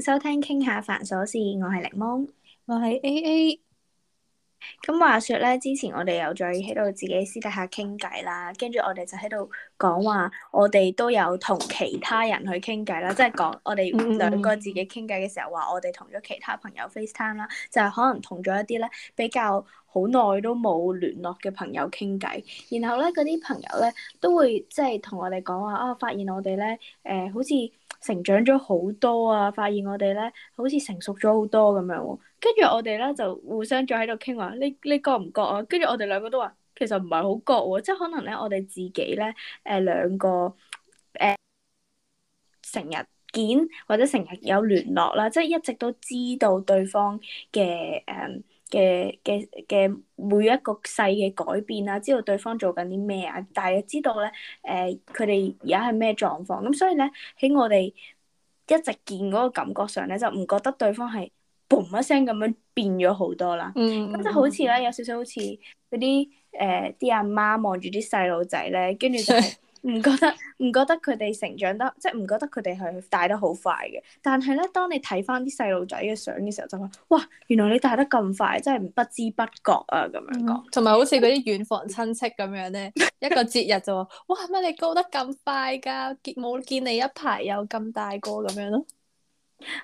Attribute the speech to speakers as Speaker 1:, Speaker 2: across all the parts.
Speaker 1: 收聽傾下繁瑣事，我係檸檬，我係 A A。咁話說咧，之前我哋又再喺度自己私底下傾偈啦，跟住我哋就喺度講話，我哋都有同其他人去傾偈啦，即係講我哋兩個自己傾偈嘅時候，話我哋同咗其他朋友 FaceTime 啦，就係、是、可能同咗一啲咧比較。好耐都冇聯絡嘅朋友傾偈，然後咧嗰啲朋友咧都會即係同我哋講話啊，發現我哋咧誒好似成長咗好多啊，發現我哋咧好似成熟咗好多咁樣喎、啊。跟住我哋咧就互相再喺度傾話，你你覺唔覺啊？跟住我哋兩個都話其實唔係好覺喎、啊，即係可能咧我哋自己咧誒兩個誒成日見或者成日有聯絡啦，即係一直都知道對方嘅誒。呃嘅嘅嘅每一個細嘅改變啊，知道對方做緊啲咩啊，但係知道咧，誒、呃，佢哋而家係咩狀況，咁所以咧喺我哋一直見嗰個感覺上咧，就唔覺得對方係嘣一聲咁樣變咗好多啦，咁、嗯、就好似咧有少少好似嗰啲誒啲阿媽望住啲細路仔咧，跟、呃、住就是。 唔覺得唔覺得佢哋成長得，即係唔覺得佢哋係大得好快嘅。但係咧，當你睇翻啲細路仔嘅相嘅時候，就話
Speaker 2: 哇，原來你大得咁快，真係不知不覺啊咁樣講。同埋好似嗰啲遠房親戚咁樣咧， 一個節日就話，哇，乜你高得咁快㗎？見冇見你一排有咁大個咁樣咯？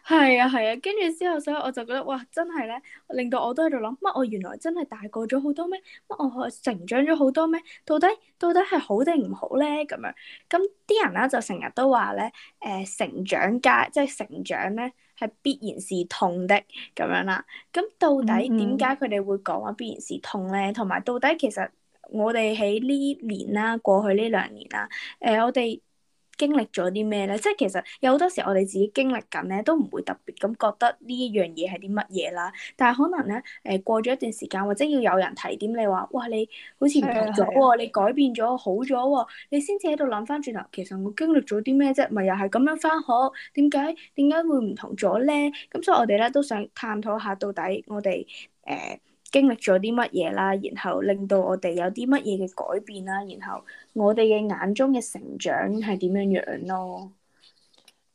Speaker 2: 係啊係啊，跟住、啊、之後，所以我就覺得
Speaker 1: 哇，真係咧，令到我都喺度諗，乜我原來真係大個咗好多咩？乜我成長咗好多咩？到底到底係好定唔好咧？咁樣，咁啲人啦就成日都話咧，誒、呃，成長㗎即係成長咧，係必然是痛的咁樣啦。咁到底點解佢哋會講話必然是痛咧？同埋、mm hmm. 到底其實我哋喺呢年啦，過去呢兩年啦，誒、呃，我哋。經歷咗啲咩咧？即係其實有好多時，我哋自己經歷緊咧，都唔會特別咁覺得呢樣嘢係啲乜嘢啦。但係可能咧，誒過咗一段時間，或者要有人提點你話，哇！你好似唔同咗喎，的你改變咗，好咗喎，你先至喺度諗翻轉頭，其實我經歷咗啲咩啫？咪又係咁樣翻學，點解？點解會唔同咗咧？咁所以我哋咧都想探討下，到底我哋誒。呃經歷咗啲乜嘢啦，然後令到我哋有啲乜嘢嘅改變啦，然後我哋嘅眼中嘅成長係點樣樣咯？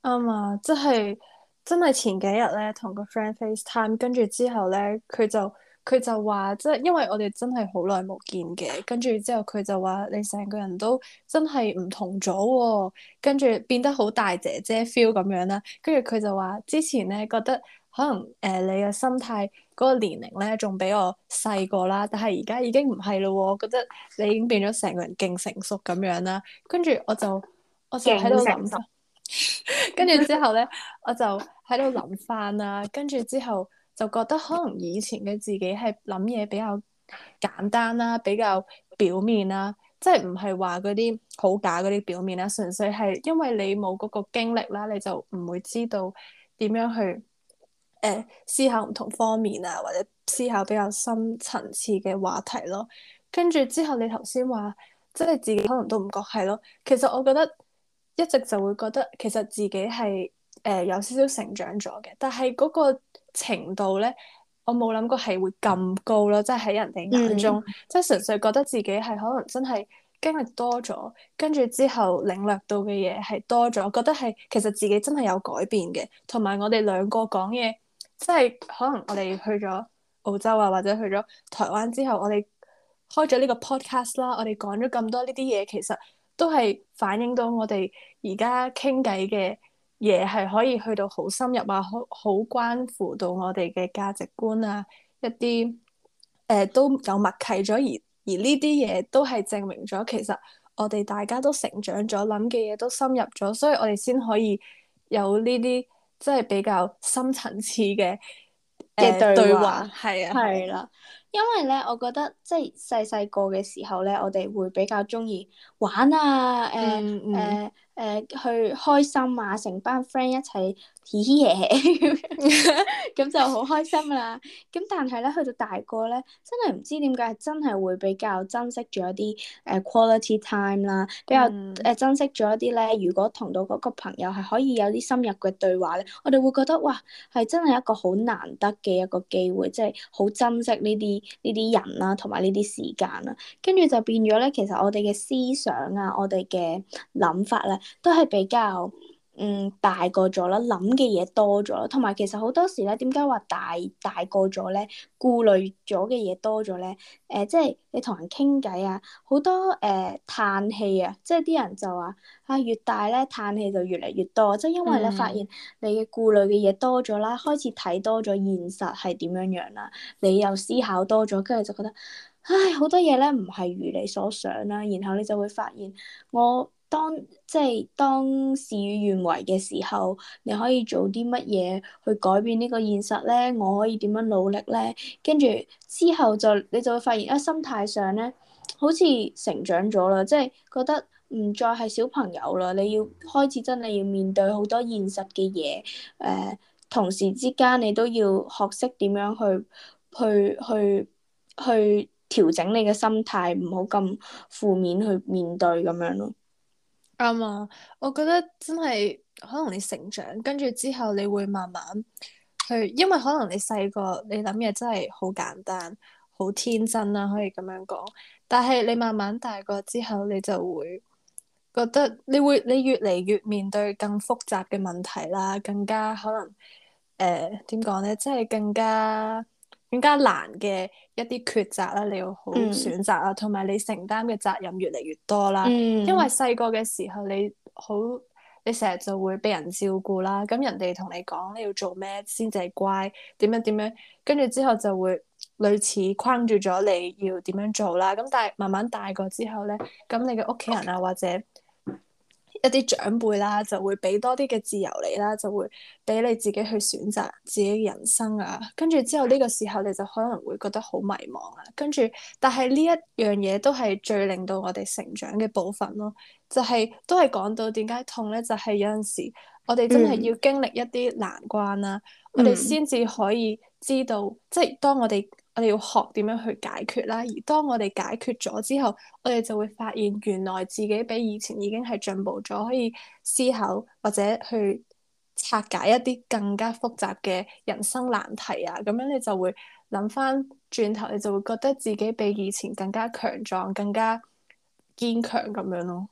Speaker 1: 啱
Speaker 2: 啊，um，即係真係前幾日咧，同個 friend FaceTime，跟住之後咧，佢就佢就話，即係因為我哋真係好耐冇見嘅，跟住之後佢就話你成個人都真係唔同咗，哦，跟住變得好大姐姐 feel 咁樣啦，跟住佢就話之前咧覺得。可能誒、呃，你嘅心態嗰個年齡咧，仲比我細個啦。但係而家已經唔係咯，我覺得你已經變咗成個人勁成熟咁樣啦。跟住我就
Speaker 1: 我就喺度諗，
Speaker 2: 跟住之後咧，我就喺度諗翻啦。跟住之後就覺得可能以前嘅自己係諗嘢比較簡單啦，比較表面啦，即係唔係話嗰啲好假嗰啲表面啦，純粹係因為你冇嗰個經歷啦，你就唔會知道點樣去。誒、呃，思考唔同方面啊，或者思考比較深層次嘅話題咯。跟住之後，你頭先話，即係自己可能都唔覺係咯。其實我覺得一直就會覺得，其實自己係誒有少少成長咗嘅。但係嗰個程度咧，我冇諗過係會咁高咯。即係喺人哋眼中，即係純粹覺得自己係可能真係經歷多咗，跟住之後領略到嘅嘢係多咗，覺得係其實自己真係有改變嘅。同埋我哋兩個講嘢。即係可能我哋去咗澳洲啊，或者去咗台灣之後，我哋開咗呢個 podcast 啦，我哋講咗咁多呢啲嘢，其實都係反映到我哋而家傾偈嘅嘢，係可以去到好深入啊，好好關乎到我哋嘅價值觀啊，一啲誒、呃、都有默契咗，而而呢啲嘢都係證明咗，其實我哋大家都成長咗，諗嘅嘢都深入咗，所以我哋先可以有呢啲。即係比較深層次嘅
Speaker 1: 嘅對話，係、呃、啊，係啦，因為咧，我覺得即係細細個嘅時候咧，我哋會比較中意玩啊，誒誒誒去開心啊，成班 friend 一齊。嘻嘻咁咁就好開心啦！咁但係咧去到大個咧，真係唔知點解真係會比較珍惜咗一啲誒 quality time 啦，比較誒珍惜咗一啲咧。如果同到嗰個朋友係可以有啲深入嘅對話咧，我哋會覺得哇，係真係一個好難得嘅一個機會，即係好珍惜呢啲呢啲人啦，啊，同埋呢啲時間啦，啊。跟住就變咗咧，其實我哋嘅思想啊，我哋嘅諗法咧，都係比較。嗯，大個咗啦，諗嘅嘢多咗，同埋其實好多時咧，點解話大大個咗咧，顧慮咗嘅嘢多咗咧？誒、呃，即係你同人傾偈啊，好多誒嘆氣啊，即係啲人就話，啊越大咧嘆氣就越嚟越多，即係因為你發現你嘅顧慮嘅嘢多咗啦，開始睇多咗現實係點樣樣啦，你又思考多咗，跟住就覺得，唉，好多嘢咧唔係如你所想啦，然後你就會發現我。當即係當事與願違嘅時候，你可以做啲乜嘢去改變呢個現實呢？我可以點樣努力呢？跟住之後就你就會發現，喺心態上呢，好似成長咗啦，即係覺得唔再係小朋友啦。你要開始真係要面對好多現實嘅嘢。誒、呃，同時之間你都要學識點樣去去去去調整你嘅心態，唔好咁負面去面對咁樣咯。
Speaker 2: 啱啊！我覺得真係可能你成長，跟住之後你會慢慢去，因為可能你細個你諗嘢真係好簡單、好天真啦，可以咁樣講。但係你慢慢大個之後，你就會覺得你會你越嚟越面對更複雜嘅問題啦，更加可能誒點講呢？即、呃、係更加。更加難嘅一啲抉擇啦，你要好選擇啦，同埋、嗯、你承擔嘅責任越嚟越多啦。嗯、因為細個嘅時候你，你好，你成日就會被人照顧啦，咁人哋同你講你要做咩先至係乖，點樣點樣，跟住之後就會類似框住咗你要點樣做啦。咁但係慢慢大個之後咧，咁你嘅屋企人啊或者。Okay. 一啲長輩啦，就會俾多啲嘅自由你啦，就會俾你自己去選擇自己嘅人生啊。跟住之後呢個時候，你就可能會覺得好迷茫啊。跟住，但係呢一樣嘢都係最令到我哋成長嘅部分咯。就係、是、都係講到點解痛咧，就係、是、有陣時我哋真係要經歷一啲難關啦、啊，嗯、我哋先至可以知道，嗯、即係當我哋。我哋要學點樣去解決啦，而當我哋解決咗之後，我哋就會發現原來自己比以前已經係進步咗，可以思考或者去拆解一啲更加複雜嘅人生難題啊。咁樣你就會諗翻轉頭，你就會覺得自己比以前更加強壯、更加堅強咁樣咯。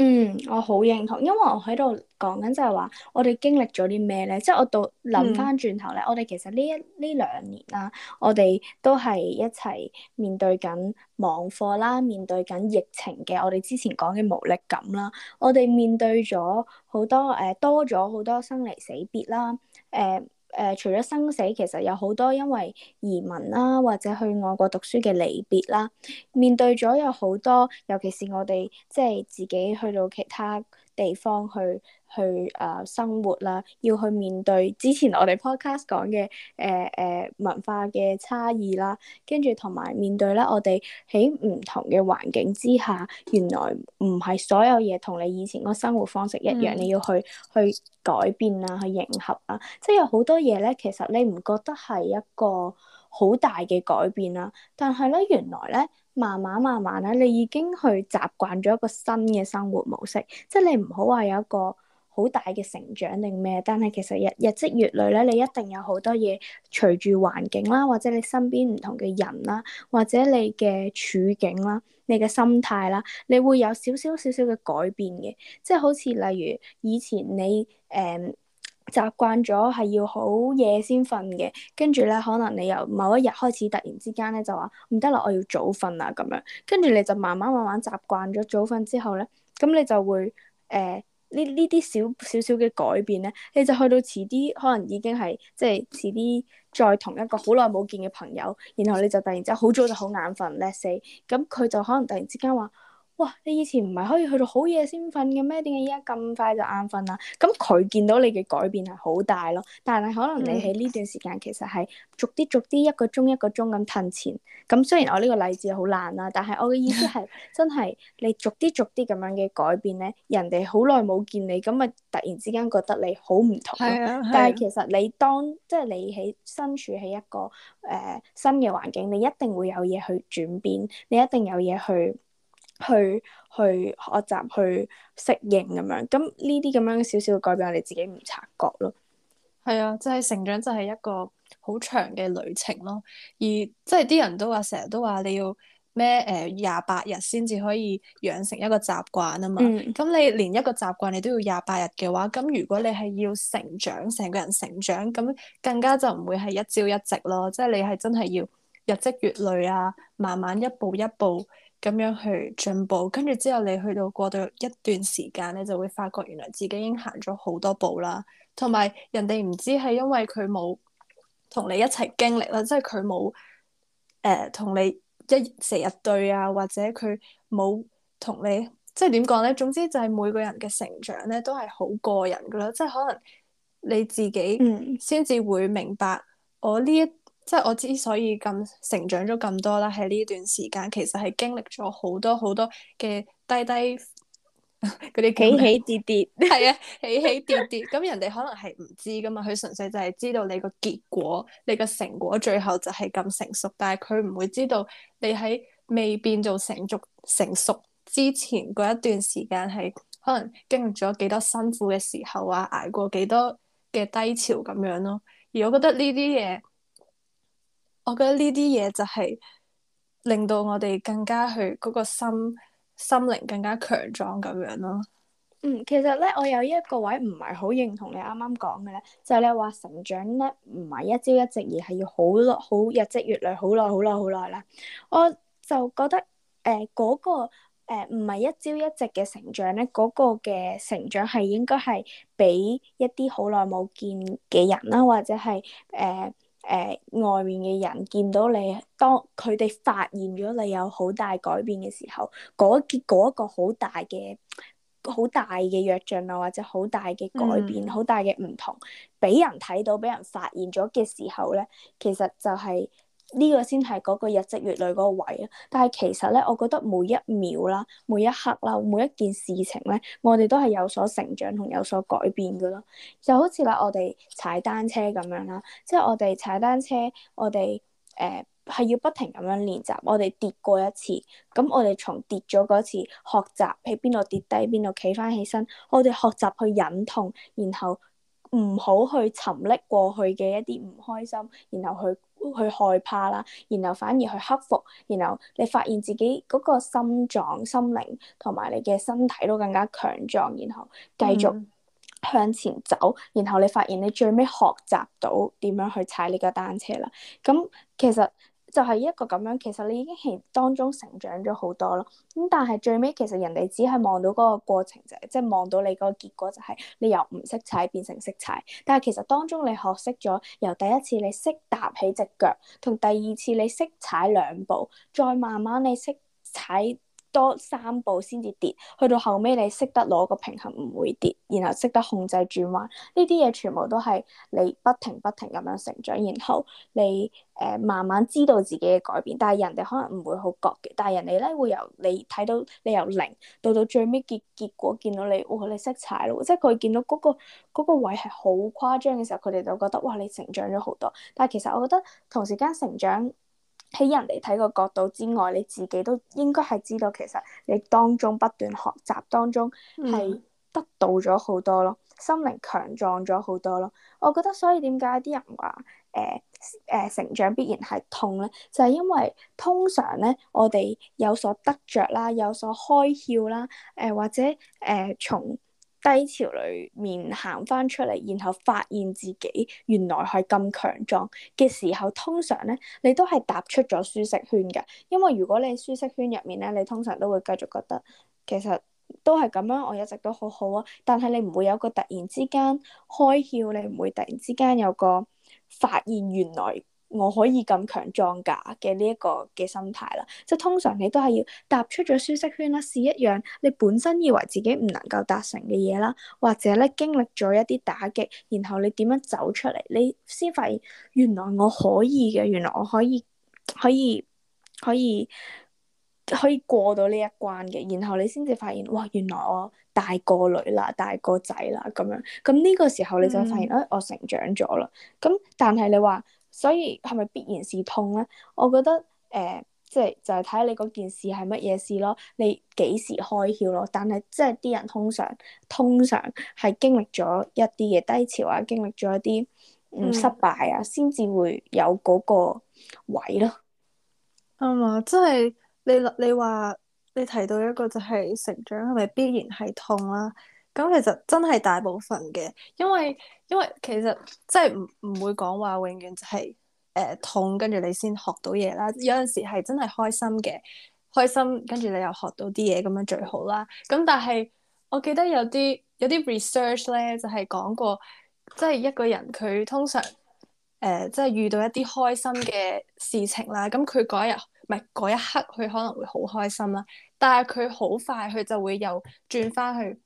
Speaker 2: 嗯，我好認同，因為我喺度
Speaker 1: 講緊就係話、就是嗯啊，我哋經歷咗啲咩咧？即係我到諗返轉頭咧，我哋其實呢一呢兩年啦，我哋都係一齊面對緊網課啦，面對緊疫情嘅，我哋之前講嘅無力感啦，我哋面對咗好多誒、呃，多咗好多生離死別啦，誒、呃。誒、呃，除咗生死，其實有好多因為移民啦，或者去外國讀書嘅離別啦，面對咗有好多，尤其是我哋即係自己去到其他地方去。去誒、呃、生活啦，要去面對之前我哋 podcast 講嘅誒誒文化嘅差異啦，跟住同埋面對啦，我哋喺唔同嘅環境之下，原來唔係所有嘢同你以前個生活方式一樣，嗯、你要去去改變啊，去迎合啊，即係有好多嘢咧，其實你唔覺得係一個好大嘅改變啦，但係咧原來咧，慢慢慢慢咧，你已經去習慣咗一個新嘅生活模式，即係你唔好話有一個好大嘅成長定咩？但係其實日日積月累咧，你一定有好多嘢隨住環境啦，或者你身邊唔同嘅人啦，或者你嘅處境啦，你嘅心態啦，你會有少少少少嘅改變嘅。即係好似例如以前你誒、呃、習慣咗係要好夜先瞓嘅，跟住咧可能你由某一日開始突然之間咧就話唔得啦，我要早瞓啦咁樣，跟住你就慢慢慢慢習慣咗早瞓之後咧，咁你就會誒。呃呢呢啲小小小嘅改變咧，你就去到遲啲，可能已經係即係遲啲再同一個好耐冇見嘅朋友，然後你就突然之間好早就好眼瞓叻死，咁佢就可能突然之間話。哇！你以前唔係可以去到好夜先瞓嘅咩？點解依家咁快就眼瞓啦？咁佢見到你嘅改變係好大咯。但係可能你喺呢段時間其實係逐啲逐啲一個鐘一個鐘咁褪前。咁雖然我呢個例子好爛啦，但係我嘅意思係 真係你逐啲逐啲咁樣嘅改變咧，人哋好耐冇見你，咁咪突然之間覺得你好唔同。係啊係啊、但係其實你當即係你喺身處喺一個誒、呃、新嘅環境，你一定會有嘢去轉變，你一定有嘢去。去去學習去適應咁樣，咁呢啲咁樣少少改變，我哋自己唔察覺咯。
Speaker 2: 係啊，就係、是、成長，就係一個好長嘅旅程咯。而即係啲人都話，成日都話你要咩誒廿八日先至可以養成一個習慣啊嘛。咁、嗯、你連一個習慣你都要廿八日嘅話，咁如果你係要成長，成個人成長，咁更加就唔會係一朝一夕咯。即係你係真係要日積月累啊，慢慢一步一步，咁樣去進步，跟住之後你去到過到一段時間，你就會發覺原來自己已經行咗好多步啦。同埋人哋唔知係因為佢冇同你一齊經歷啦，即係佢冇誒，同你一成日對啊，或者佢冇同你，即係點講咧？總之就係每個人嘅成長咧，都係好個人㗎啦。即係可能你自己先至會明白我呢一。即係我之所以咁成長咗咁多啦，喺呢段時間其實係經歷咗好多好多嘅低低嗰啲 起起跌跌，係 啊，起起跌跌。咁 人哋可能係唔知噶嘛，佢純粹就係知道你個結果、你個成果最後就係咁成熟，但係佢唔會知道你喺未變做成，成熟成熟之前嗰一段時間係可能經歷咗幾多辛苦嘅時候啊，捱過幾多嘅低潮咁樣咯。而我覺得呢啲嘢。我覺得呢啲嘢就係令到我哋更加去嗰個心心靈更加強壯咁樣咯。嗯，
Speaker 1: 其實咧，我有一個位唔係好認同你啱啱講嘅咧，就係、是、你話成長咧，唔係一朝一夕，而係要好好日積月累好耐好耐好耐啦。我就覺得誒嗰、呃嗰個唔係、呃、一朝一夕嘅成長咧，嗰、嗰個嘅成長係應該係俾一啲好耐冇見嘅人啦，或者係誒。呃誒、呃、外面嘅人見到你，當佢哋發現咗你有好大改變嘅時候，嗰結嗰一個好大嘅好大嘅躍進啊，或者好大嘅改變，好、嗯、大嘅唔同，俾人睇到，俾人發現咗嘅時候咧，其實就係、係。呢個先係嗰個日積月累嗰個位，但係其實咧，我覺得每一秒啦、每一刻啦、每一件事情咧，我哋都係有所成長同有所改變嘅咯。就好似啦，我哋踩單車咁樣啦，即係我哋踩單車，我哋誒係要不停咁樣練習。我哋跌過一次，咁我哋從跌咗嗰次學習喺邊度跌低，邊度企翻起身。我哋學習去忍痛，然後。唔好去沉溺過去嘅一啲唔開心，然後去去害怕啦，然後反而去克服，然後你發現自己嗰個心臟、心靈同埋你嘅身體都更加強壯，然後繼續向前走，嗯、然後你發現你最尾學習到點樣去踩呢個單車啦。咁其實～就係一個咁樣，其實你已經係當中成長咗好多咯。咁但係最尾其實人哋只係望到嗰個過程啫，即係望到你個結果就係、是、你由唔識踩變成識踩。但係其實當中你學識咗，由第一次你識踏起隻腳，同第二次你識踩兩步，再慢慢你識踩，多三步先至跌，去到後尾你識得攞個平衡唔會跌，然後識得控制轉彎，呢啲嘢全部都係你不停不停咁樣成長，然後你誒、呃、慢慢知道自己嘅改變，但係人哋可能唔會好覺嘅，但係人哋咧會由你睇到你由零到到最尾結結果見到你，哇、哦！你識踩咯，即係佢見到嗰、嗰個嗰個位係好誇張嘅時候，佢哋就覺得哇！你成長咗好多，但係其實我覺得同時間成長。喺人哋睇個角度之外，你自己都應該係知道，其實你當中不斷學習當中係得到咗好多咯，心靈強壯咗好多咯。我覺得所以點解啲人話誒誒成長必然係痛咧，就係、是、因為通常咧我哋有所得着啦，有所開竅啦，誒、呃、或者誒從，呃從低潮裏面行翻出嚟，然後發現自己原來係咁強壯嘅時候，通常咧你都係踏出咗舒適圈嘅。因為如果你舒適圈入面咧，你通常都會繼續覺得其實都係咁樣，我一直都好好啊，但係你唔會有個突然之間開竅，你唔會突然之間有個發現原來。我可以咁強壯噶嘅呢一個嘅心態啦，即係通常你都係要踏出咗舒適圈啦，試一樣你本身以為自己唔能夠達成嘅嘢啦，或者咧經歷咗一啲打擊，然後你點樣走出嚟，你先發現原來我可以嘅，原來我可以我可以可以可以，可以過到呢一關嘅，然後你先至發現哇，原來我大個女啦，大個仔啦咁樣，咁呢個時候你就發現啊、嗯哎，我成長咗啦。咁但係你話。所以係咪必然是痛咧？我覺得誒、呃，即係就係、是、睇你嗰件事係乜嘢事咯，你幾時開竅咯？但係即係啲人通常通常係經歷咗一啲嘅低潮啊，經歷咗一啲嗯失敗啊，先至、嗯、會有嗰
Speaker 2: 個位咯。啱啊、嗯！即係你你話你提到一個就係成長係咪必然係痛啦、啊？咁其實真係大部分嘅，因為因為其實即係唔唔會講話永遠就係、是、誒、呃、痛，跟住你先學到嘢啦。有陣時係真係開心嘅，開心跟住你又學到啲嘢咁樣最好啦。咁但係我記得有啲有啲 research 咧，就係、是、講過，即、就、係、是、一個人佢通常誒即係遇到一啲開心嘅事情啦，咁佢嗰一日唔係嗰一刻，佢可能會好開心啦，但係佢好快佢就會又轉翻去。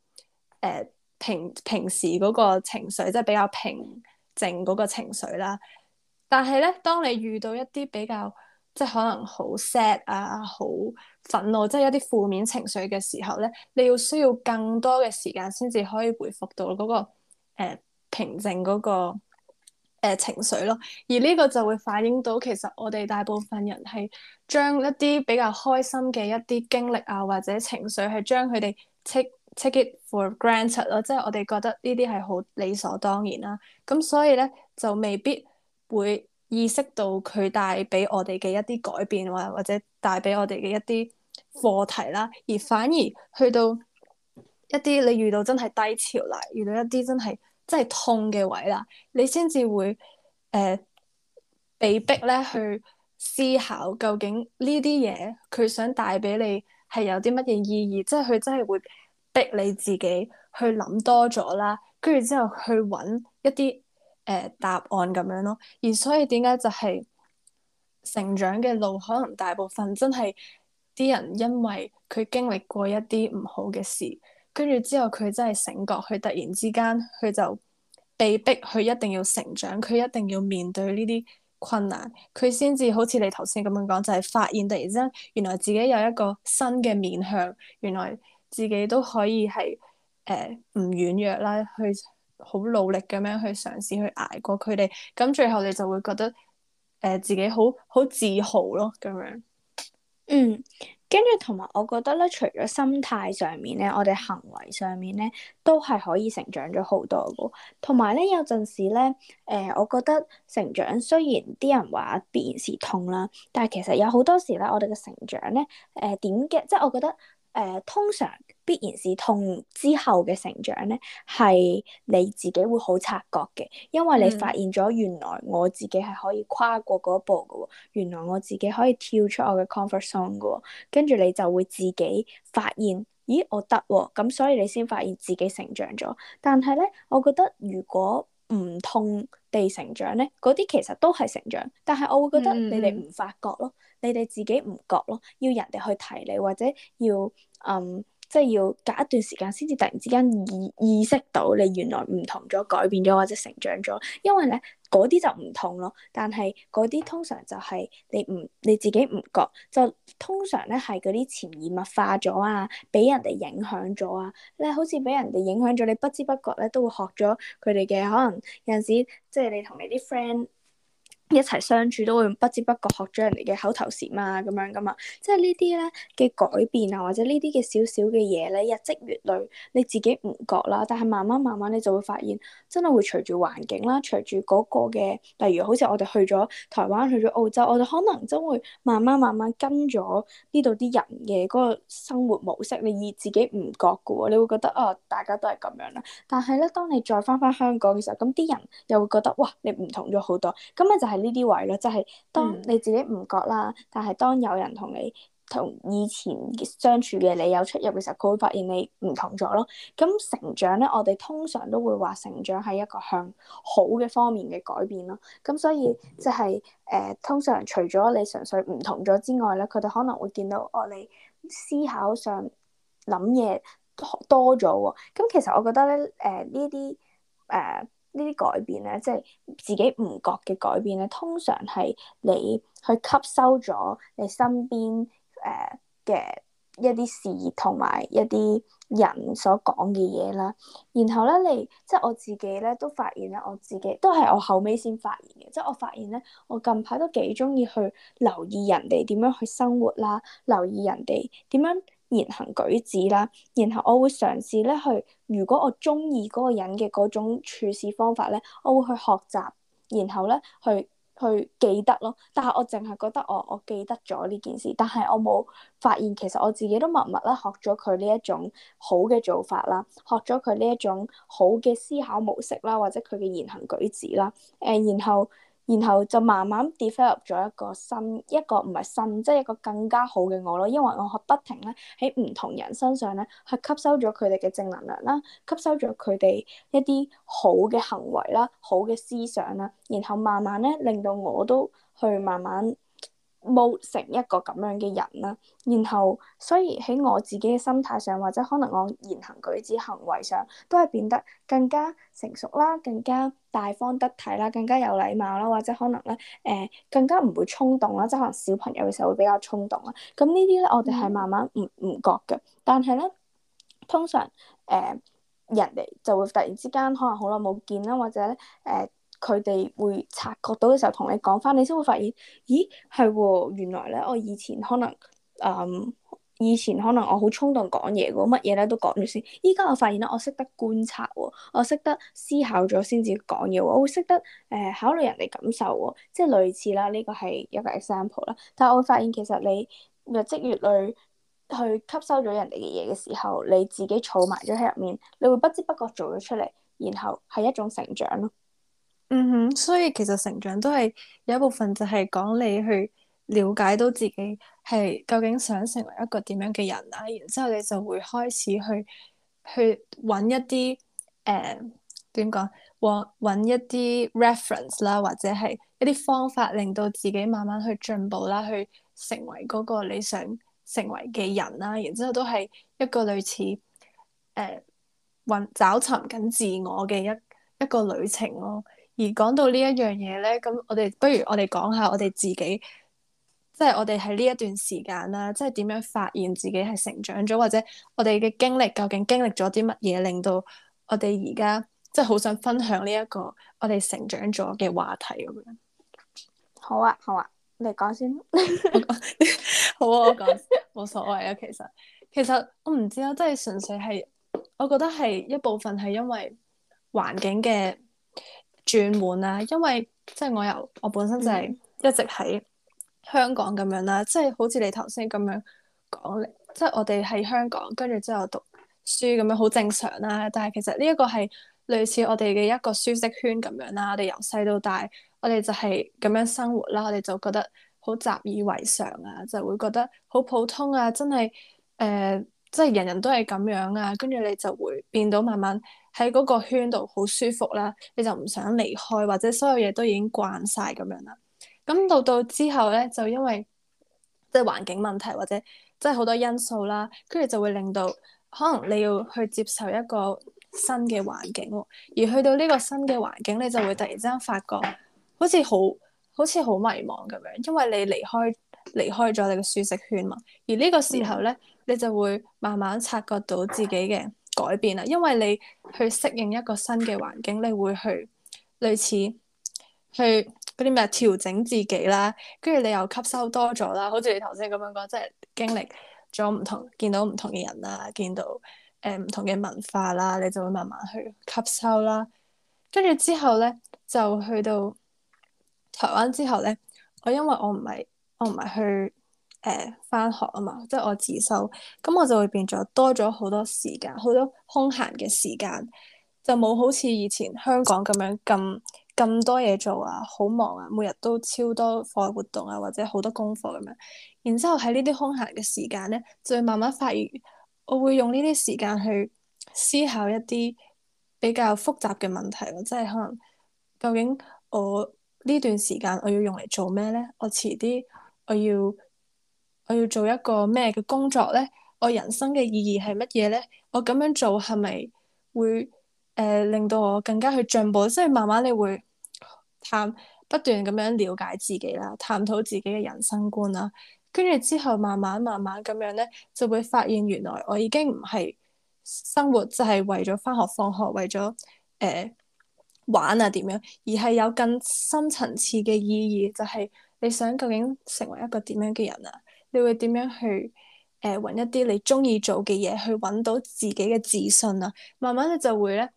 Speaker 2: 誒平平時嗰個情緒，即係比較平靜嗰個情緒啦。但係咧，當你遇到一啲比較即係可能好 sad 啊、好憤怒，即係一啲負面情緒嘅時候咧，你要需要更多嘅時間先至可以回復到嗰個、呃、平靜嗰個、呃、情緒咯。而呢個就會反映到其實我哋大部分人係將一啲比較開心嘅一啲經歷啊，或者情緒係將佢哋積 Take it for granted 咯，即係我哋覺得呢啲係好理所當然啦，咁所以咧就未必會意識到佢帶俾我哋嘅一啲改變或或者帶俾我哋嘅一啲課題啦，而反而去到一啲你遇到真係低潮啦，遇到一啲真係真係痛嘅位啦，你先至會誒、呃、被逼，咧去思考究竟呢啲嘢佢想帶俾你係有啲乜嘢意義，即係佢真係會。逼你自己去諗多咗啦，跟住之後去揾一啲誒、呃、答案咁樣咯。而所以點解就係、是、成長嘅路，可能大部分真係啲人因為佢經歷過一啲唔好嘅事，跟住之後佢真係醒覺，佢突然之間佢就被逼，佢一定要成長，佢一定要面對呢啲困難，佢先至好似你頭先咁樣講，就係、是、發現突然之間，原來自己有一個新嘅面向，原來。自己都可以係誒、唔軟弱啦，去好努力咁樣去嘗試去捱過佢哋，咁最後你就會覺得誒、呃、自己好好自豪咯咁樣。嗯，跟住同埋我覺得
Speaker 1: 咧，除咗心態上面咧，我哋行為上面咧都係可以成長咗好多㗎。同埋咧，有陣時咧，誒、呃、我覺得成長雖然啲人話必然是痛啦，但係其實有好多時咧，我哋嘅成長咧，誒點嘅，即係我覺得。誒、呃，通常必然是痛之後嘅成長咧，係你自己會好察覺嘅，因為你發現咗原來我自己係可以跨過嗰一步㗎喎，原來我自己可以跳出我嘅 comfort zone 㗎喎，跟住你就會自己發現，咦，我得喎，咁所以你先發現自己成長咗。但係咧，我覺得如果唔痛地成長咧，嗰啲其實都係成長，但係我會覺得你哋唔發覺咯。嗯你哋自己唔覺咯，要人哋去提你，或者要嗯，即係要隔一段時間先至突然之間意意識到你原來唔同咗、改變咗或者成長咗。因為咧嗰啲就唔同咯，但係嗰啲通常就係你唔你自己唔覺，就通常咧係嗰啲潛移默化咗啊，俾人哋影響咗啊，咧好似俾人哋影響咗，你不知不覺咧都會學咗佢哋嘅，可能有陣時，即係你同你啲 friend。一齊相處都會不知不覺學咗人哋嘅口頭禪啊，咁樣㗎嘛，即係呢啲咧嘅改變啊，或者呢啲嘅少少嘅嘢咧，日積月累你自己唔覺啦，但係慢慢慢慢你就會發現真係會隨住環境啦，隨住嗰個嘅，例如好似我哋去咗台灣，去咗澳洲，我哋可能真會慢慢慢慢跟咗呢度啲人嘅嗰個生活模式，你而自己唔覺嘅喎，你會覺得啊、哦、大家都係咁樣啦，但係咧當你再翻返香港嘅時候，咁啲人又會覺得哇你唔同咗好多，咁啊就係、是。呢啲位咯，即係當你自己唔覺啦，嗯、但係當有人同你同以前相處嘅你有出入嘅時候，佢會發現你唔同咗咯。咁成長咧，我哋通常都會話成長係一個向好嘅方面嘅改變咯。咁所以即係誒，通常除咗你純粹唔同咗之外咧，佢哋可能會見到我哋、哦、思考上諗嘢多咗喎。咁其實我覺得咧，誒呢啲誒。呢啲改變咧，即係自己唔覺嘅改變咧，通常係你去吸收咗你身邊誒嘅一啲事同埋一啲人所講嘅嘢啦。然後咧，你即係我自己咧都發現咧，我自己都係我後尾先發現嘅。即係我發現咧，我近排都幾鍾意去留意人哋點樣去生活啦，留意人哋點樣，言行舉止啦，然後我會嘗試咧去，如果我中意嗰個人嘅嗰種處事方法咧，我會去學習，然後咧去去記得咯。但係我淨係覺得我我記得咗呢件事，但係我冇發現其實我自己都默默啦學咗佢呢一種好嘅做法啦，學咗佢呢一種好嘅思考模式啦，或者佢嘅言行舉止啦，誒、呃，然後。然後就慢慢 develop 咗一個新，一個唔係新，即係一個更加好嘅我咯。因為我不停咧喺唔同人身上咧，去吸收咗佢哋嘅正能量啦，吸收咗佢哋一啲好嘅行為啦，好嘅思想啦，然後慢慢咧令到我都去慢慢冇成一個咁樣嘅人啦。然後所以喺我自己嘅心態上，或者可能我言行舉止行為上，都係變得更加成熟啦，更加。大方得體啦，更加有禮貌啦，或者可能咧誒、呃、更加唔會衝動啦，即係可能小朋友嘅時候會比較衝動啊。咁呢啲咧，我哋係慢慢唔唔覺嘅，但係咧通常誒、呃、人哋就會突然之間可能好耐冇見啦，或者咧誒佢哋會察覺到嘅時候同你講返，你先會發現，咦係喎，原來咧我以前可能嗯。以前可能我好衝動講嘢嘅，乜嘢咧都講住先。依家我發現咧，我識得觀察喎，我識得思考咗先至講嘢喎，我會識得誒、呃、考慮人哋感受喎，即係類似啦。呢、呢個係一個 example 啦。但係我會發現其實你日積月累去吸收咗人哋嘅嘢嘅時候，你自己儲埋咗喺入面，你會不知不覺做咗出嚟，然後
Speaker 2: 係一種成長咯。嗯哼，所以其實成長都係有一部分就係講你去。了解到自己係究竟想成為一個點樣嘅人啦，啊，然之後你就會開始去去揾一啲誒，點講，揾、呃、一啲 reference 啦，或者係一啲方法，令到自己慢慢去進步啦，去成為嗰個你想成為嘅人啦，啊。然之後都係一個類似誒、呃、找，找尋緊自我嘅一一個旅程咯，哦。而講到一呢一樣嘢咧，咁我哋不如我哋講下我哋自己。即係我哋喺呢一段時間啦，即係點樣發現自己係成長咗，或者我哋嘅經歷究竟經歷咗啲乜嘢，令到我哋而家即係好想分享呢一個我哋成長咗嘅話題咁樣。好啊，好啊，你講先。 好啊，我講，冇所謂啊，其實，其實我唔知啊，即係純粹係，我覺得係一部分係因為環境嘅轉換啊，因為即係我由，我本身就係一直喺、嗯。香港咁樣啦，即係好似你頭先咁樣講，即係我哋喺香港跟住之後讀書咁樣，好正常啦、啊。但係其實呢一個係類似我哋嘅一個舒適圈咁樣啦、啊。我哋由細到大，我哋就係咁樣生活啦、啊。我哋就覺得好習以為常啊，就會覺得好普通啊。真係誒、呃，即係人人都係咁樣啊。跟住你就會變到慢慢喺嗰個圈度好舒服啦、啊，你就唔想離開，或者所有嘢都已經慣晒咁樣啦、啊。咁到到之後咧，就因為即係環境問題，或者即係好多因素啦，跟住就會令到可能你要去接受一個新嘅環境，而去到呢個新嘅環境，你就會突然之間發覺好似好好似好迷茫咁樣，因為你離開離開咗你嘅舒適圈嘛。而呢個時候咧，你就會慢慢察覺到自己嘅改變啦，因為你去適應一個新嘅環境，你會去類似，去嗰啲咩調整自己啦，跟住你又吸收多咗啦，好似你頭先咁樣講，即係經歷咗唔同，見到唔同嘅人啦，見到誒唔同嘅文化啦，你就會慢慢去吸收啦。跟住之後咧，就去到台灣之後咧，我因為我唔係我唔係去誒翻學啊嘛，即係我自修，咁我就會變咗多咗好多時間，好多空閒嘅時間，就冇好似以前香港咁樣咁。咁多嘢做啊，好忙啊，每日都超多課外活動啊，或者好多功課咁樣。然之後喺呢啲空閒嘅時間呢，就會慢慢發現，我會用呢啲時間去思考一啲比較複雜嘅問題咯，即係可能究竟我呢段時間我要用嚟做咩呢？我遲啲我要我要做一個咩嘅工作呢？我人生嘅意義係乜嘢呢？我咁樣做係咪會？誒、呃，令到我更加去進步，即係慢慢你會探不斷咁樣了解自己啦，探討自己嘅人生觀啦，跟住之後慢慢慢慢咁樣咧，就會發現原來我已經唔係生活就係、是、為咗返學放學，為咗誒、呃、玩啊點樣，而係有更深層次嘅意義，就係、是、你想究竟成為一個點樣嘅人啊？你會點樣去誒搵、呃、一啲你中意做嘅嘢，去搵到自己嘅自信啊？慢慢你就會咧。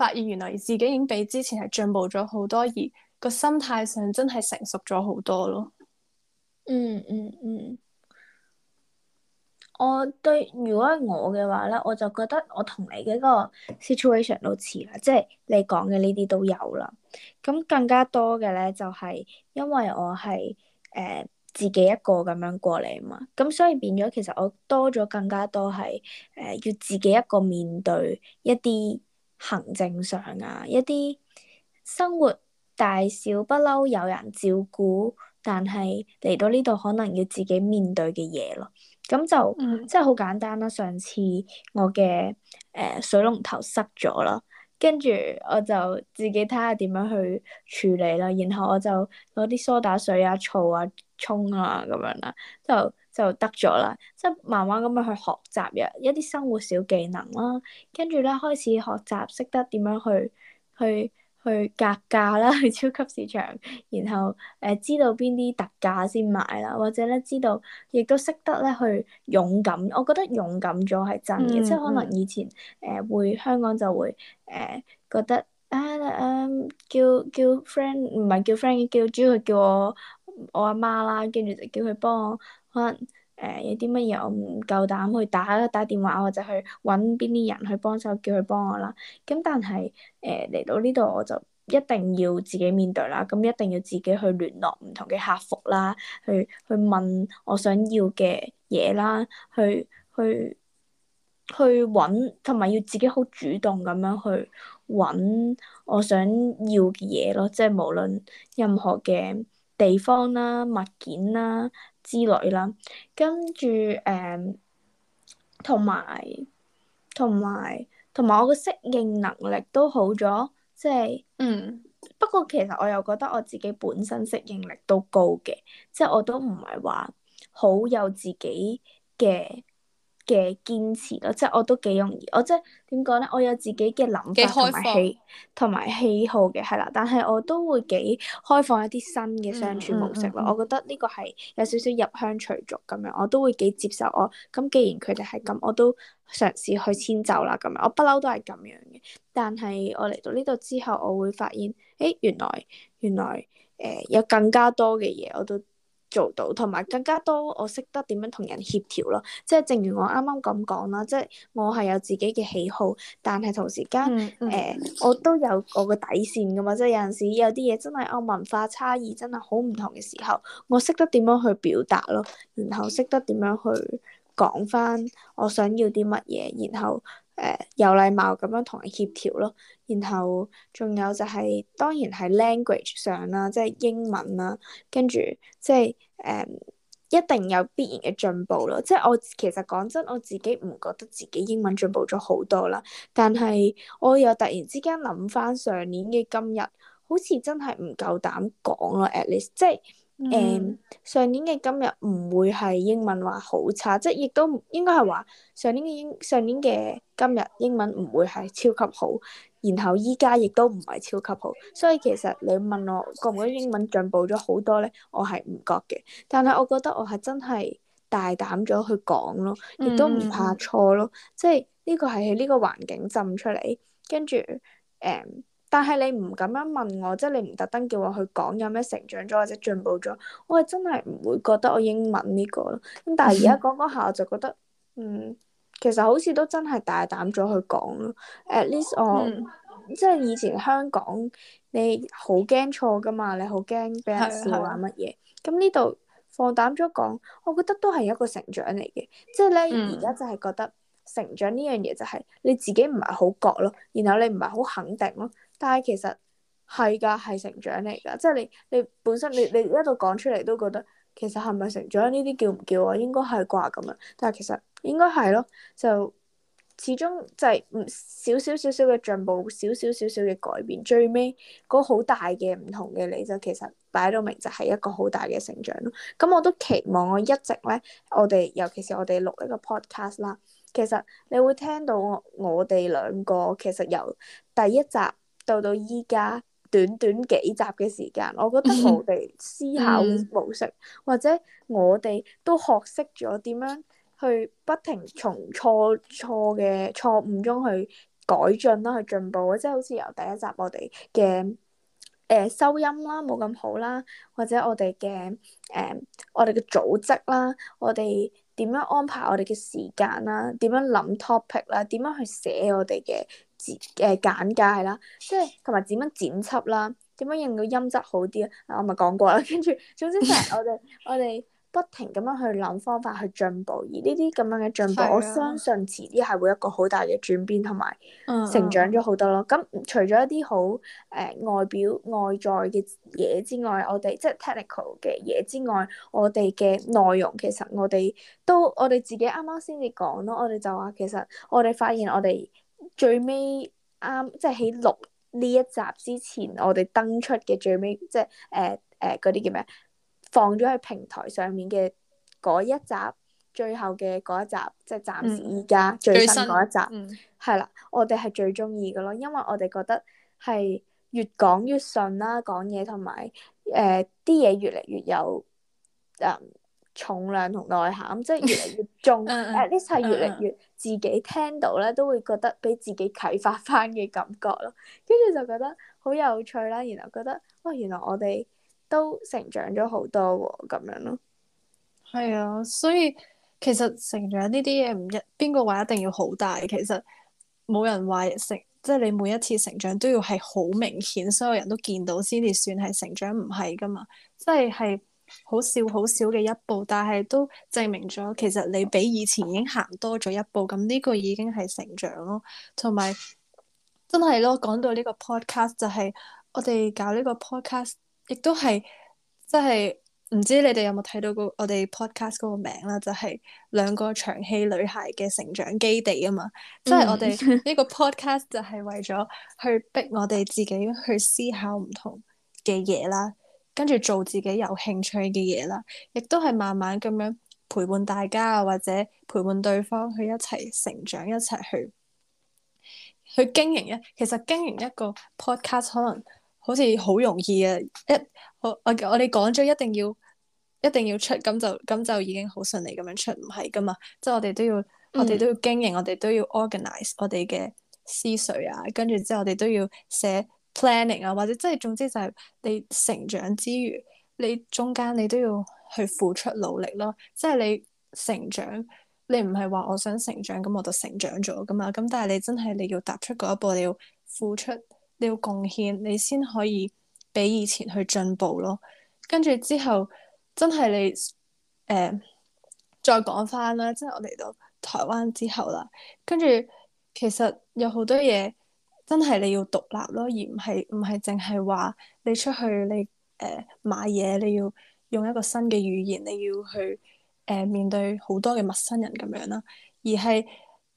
Speaker 2: 發現原來自己已經比之前係進步咗好多，而個心態上真係成熟咗好多咯。嗯嗯嗯，我對，
Speaker 1: 如果係我嘅話咧，我就覺得我同你嘅個 situation 都似啦，即係你講嘅呢啲都有啦。咁更加多嘅咧，就係、是、因為我係誒、呃、自己一個咁樣過嚟啊嘛，咁所以變咗其實我多咗更加多係誒、呃、要自己一個面對一啲行政上啊，一啲生活大小不嬲有人照顧，但係嚟到呢度可能要自己面對嘅嘢咯。咁就即係好簡單啦、啊。上次我嘅誒、呃、水龍頭塞咗啦，跟住我就自己睇下點樣去處理啦，然後我就攞啲梳打水啊、醋啊、沖啊咁樣啦，就。就得咗啦，即係慢慢咁樣去學習一一啲生活小技能啦，跟住咧開始學習識得點樣去去去格價啦，去超級市場，然後誒、呃、知道邊啲特價先買啦，或者咧知道亦都識得咧去勇敢。我覺得勇敢咗係真嘅，嗯、即係可能以前誒、嗯呃、會香港就會誒、呃、覺得誒誒、啊呃、叫叫 friend 唔係叫 friend 叫主要叫、叫我我阿媽啦，跟住就叫佢幫我。可能誒、呃、有啲乜嘢我唔夠膽去打打電話或者去搵邊啲人去幫手，叫佢幫我啦，咁但係誒，嚟到呢度我就一定要自己面對啦，咁一定要自己去聯絡唔同嘅客服啦，去去問我想要嘅嘢啦，去去去搵，同埋要自己好主動咁樣去搵我想要嘅嘢咯，即係無論任何嘅地方啦、物件啦。之類啦，跟住誒，同埋同埋同埋，我嘅適應能力都好咗，即係嗯。不過其實我又覺得我自己本身適應力都高嘅，即係我都唔係話好有自己嘅。嘅堅持咯，即係我都幾容易，我即係點講咧？我有自己嘅諗法同埋喜同埋喜好嘅，係啦。但係我都會幾開放一啲新嘅相處模式咯。嗯嗯嗯，我覺得呢個係有少少入鄉隨俗咁樣，我都會幾接受。我咁既然佢哋係咁，我都嘗試去遷就啦。咁樣我不嬲都係咁樣嘅。但係我嚟到呢度之後，我會發現，誒原來原來誒、呃、有更加多嘅嘢我都～做到，同埋更加多我識得點樣同人協調咯，即係正如我啱啱咁講啦，即係我係有自己嘅喜好，但係同時間誒、呃，我都有我嘅底線㗎嘛，即係有陣時有啲嘢真係我文化差異真係好唔同嘅時候，我識得點樣去表達咯，然後識得點樣去講返我想要啲乜嘢，然後。誒、呃，有禮貌咁樣同人協調咯，然後仲有就係、是、當然係 language 上啦，即係英文啦、啊，跟住即係誒、嗯，一定有必然嘅進步咯。即係我其實講真，我自己唔覺得自己英文進步咗好多啦，但係我又突然之間諗翻上年嘅今日，好似真係唔夠膽講咯，at least 即係。誒、um, 嗯、上年嘅今日唔會係英文話好差，即係亦都應該係話上年嘅英，上年嘅今日英文唔會係超級好，然後依家亦都唔係超級好，所以其實你問我覺唔覺得英文進步咗好多咧？我係唔覺嘅，但係我覺得我係真係大膽咗去講咯，亦都唔怕錯咯，um, 即係呢個係喺呢個環境浸出嚟，跟住誒。Um, 但係你唔咁樣問我，即係你唔特登叫我去講有咩成長咗或者進步咗，我係真係唔會覺得我英文呢個咯。咁但係而家講嗰下，我就覺得嗯,嗯，其實好似都真係大膽咗去講咯。At least 我、嗯、即係以前香港你好驚錯噶嘛，你好驚俾人笑啊，乜嘢咁呢度放膽咗講，我覺得都係一個成長嚟嘅。即係咧，而家、嗯、就係覺得成長呢樣嘢就係你自己唔係好覺咯，然後你唔係好肯定咯。但係其實係㗎，係成長嚟㗎。即係你你本身你你一路講出嚟都覺得其實係咪成長呢，啲叫唔叫啊？應該係啩咁樣。但係其實應該係咯，就始終就係唔少少少少嘅進步，少少少少嘅改變，最尾嗰好大嘅唔同嘅你就其實擺到明就係一個好大嘅成長咯。咁我都期望我一直咧，我哋尤其是我哋錄一個 podcast 啦，其實你會聽到我我哋兩個其實由第一集。到到依家短短幾集嘅時間，我覺得我哋思考模式， 或者我哋都學識咗點樣去不停從錯錯嘅錯誤中去改進啦，去進步，即係好似由第一集我哋嘅誒收音啦，冇咁好啦，或者我哋嘅誒我哋嘅組織啦，我哋點樣安排我哋嘅時間啦，點樣諗 topic 啦，點樣去寫我哋嘅。誒、呃、簡介係啦，即係同埋點樣剪輯啦，點樣令個音質好啲啊？我咪講過啦，跟住總之就係我哋 我哋不停咁樣去諗方法去進步，而呢啲咁樣嘅進步，的我相信遲啲係會一個好大嘅轉變同埋成長咗好多咯。咁、嗯嗯、除咗一啲好誒外表外在嘅嘢之外，我哋即係 technical 嘅嘢之外，我哋嘅內容其實我哋都我哋自己啱啱先至講咯，我哋就話其實我哋發現我哋。最尾啱即係喺錄呢一集之前，我哋登出嘅最尾即係誒誒嗰啲叫咩？放咗喺平台上面嘅嗰一集，最後嘅嗰一集，即係暫時依家、嗯、最新嗰一集係啦、嗯，我哋係最中意嘅咯，因為我哋覺得係越講越順啦，講嘢同埋誒啲嘢越嚟越有誒。嗯重量同內涵，即係越嚟越重。Alex 係越嚟越自己聽到咧， 都會覺得俾自己啟發翻嘅感覺咯。跟住就覺得好有趣啦。然後覺得，哇、哦，原來我哋都成長咗好多喎，咁樣咯。
Speaker 2: 係啊，所以其實成長呢啲嘢唔一，邊個話一定要好大？其實冇人話成，即係你每一次成長都要係好明顯，所有人都見到先至算係成長，唔係噶嘛。即係。好少好少嘅一步，但係都證明咗，其實你比以前已經行多咗一步。咁呢個已經係成長咯，同埋真係咯，講到呢個 podcast 就係我哋搞呢個 podcast，亦都係即係唔知你哋有冇睇到過我哋 podcast 嗰個名啦，就係、是、兩個長氣女孩嘅成長基地啊嘛。即係我哋呢 個 podcast 就係為咗去逼我哋自己去思考唔同嘅嘢啦。跟住做自己有興趣嘅嘢啦，亦都係慢慢咁樣陪伴大家啊，或者陪伴對方去一齊成長，一齊去去經營一。其實經營一個 podcast 可能好似好容易嘅、啊，一我我哋講咗一定要一定要出，咁就咁就已經好順利咁樣出唔係噶嘛？即係我哋都要、嗯、我哋都要經營，我哋都要 organize 我哋嘅思緒啊，跟住之後我哋都要寫。Planning 啊，或者即係總之就係你成長之餘，你中間你都要去付出努力咯。即係你成長，你唔係話我想成長咁我就成長咗噶嘛。咁但係你真係你要踏出嗰一步，你要付出，你要貢獻，你先可以比以前去進步咯。跟住之後真係你誒、呃、再講翻啦，即係我嚟到台灣之後啦，跟住其實有好多嘢。真係你要獨立咯，而唔係唔係淨係話你出去你誒、呃、買嘢，你要用一個新嘅語言，你要去誒、呃、面對好多嘅陌生人咁樣啦。而係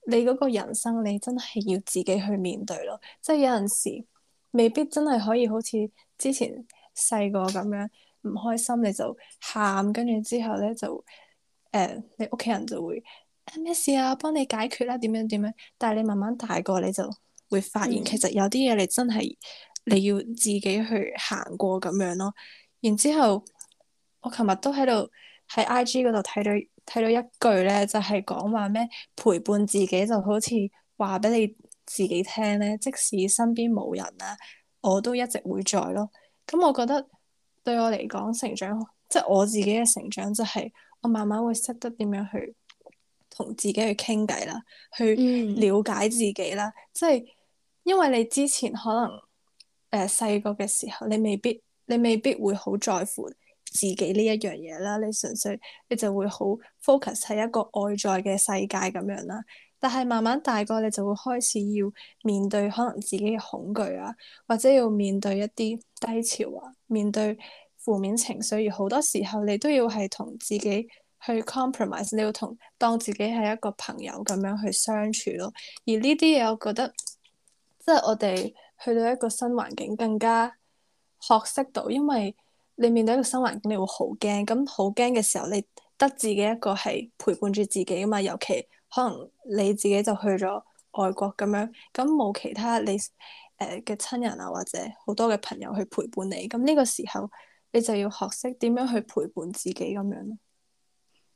Speaker 2: 你嗰個人生，你真係要自己去面對咯。即係有陣時未必真係可以好似之前細個咁樣唔開心你就喊，跟住之後咧就誒、呃、你屋企人就會，咩、哎、事啊，幫你解決啦、啊，點樣點樣。但係你慢慢大個你就～會發現其實有啲嘢你真係你要自己去行過咁樣咯。然之後我琴日都喺度喺 IG 嗰度睇到睇到一句咧，就係、是、講話咩陪伴自己就好似話俾你自己聽咧，即使身邊冇人啊，我都一直會在咯。咁我覺得對我嚟講成長，即係我自己嘅成長，就是，就係我慢慢會識得點樣去同自己去傾偈啦，去了解自己啦，嗯、即係。因為你之前可能誒細個嘅時候你，你未必你未必會好在乎自己呢一樣嘢啦，你純粹你就會好 focus 喺一個外在嘅世界咁樣啦。但係慢慢大個，你就會開始要面對可能自己嘅恐懼啊，或者要面對一啲低潮啊，面對負面情緒，而好多時候你都要係同自己去 compromise，你要同當自己係一個朋友咁樣去相處咯。而呢啲嘢，我覺得。即係我哋去到一個新環境，更加學識到，因為你面對一個新環境，你會好驚，咁好驚嘅時候，你得自己一個係陪伴住自己啊嘛，尤其可能你自己就去咗外國咁樣，咁冇其他的你誒嘅親人啊，或者好多嘅朋友去陪伴你，咁呢個時候你就要學識點樣去陪伴自己咁樣。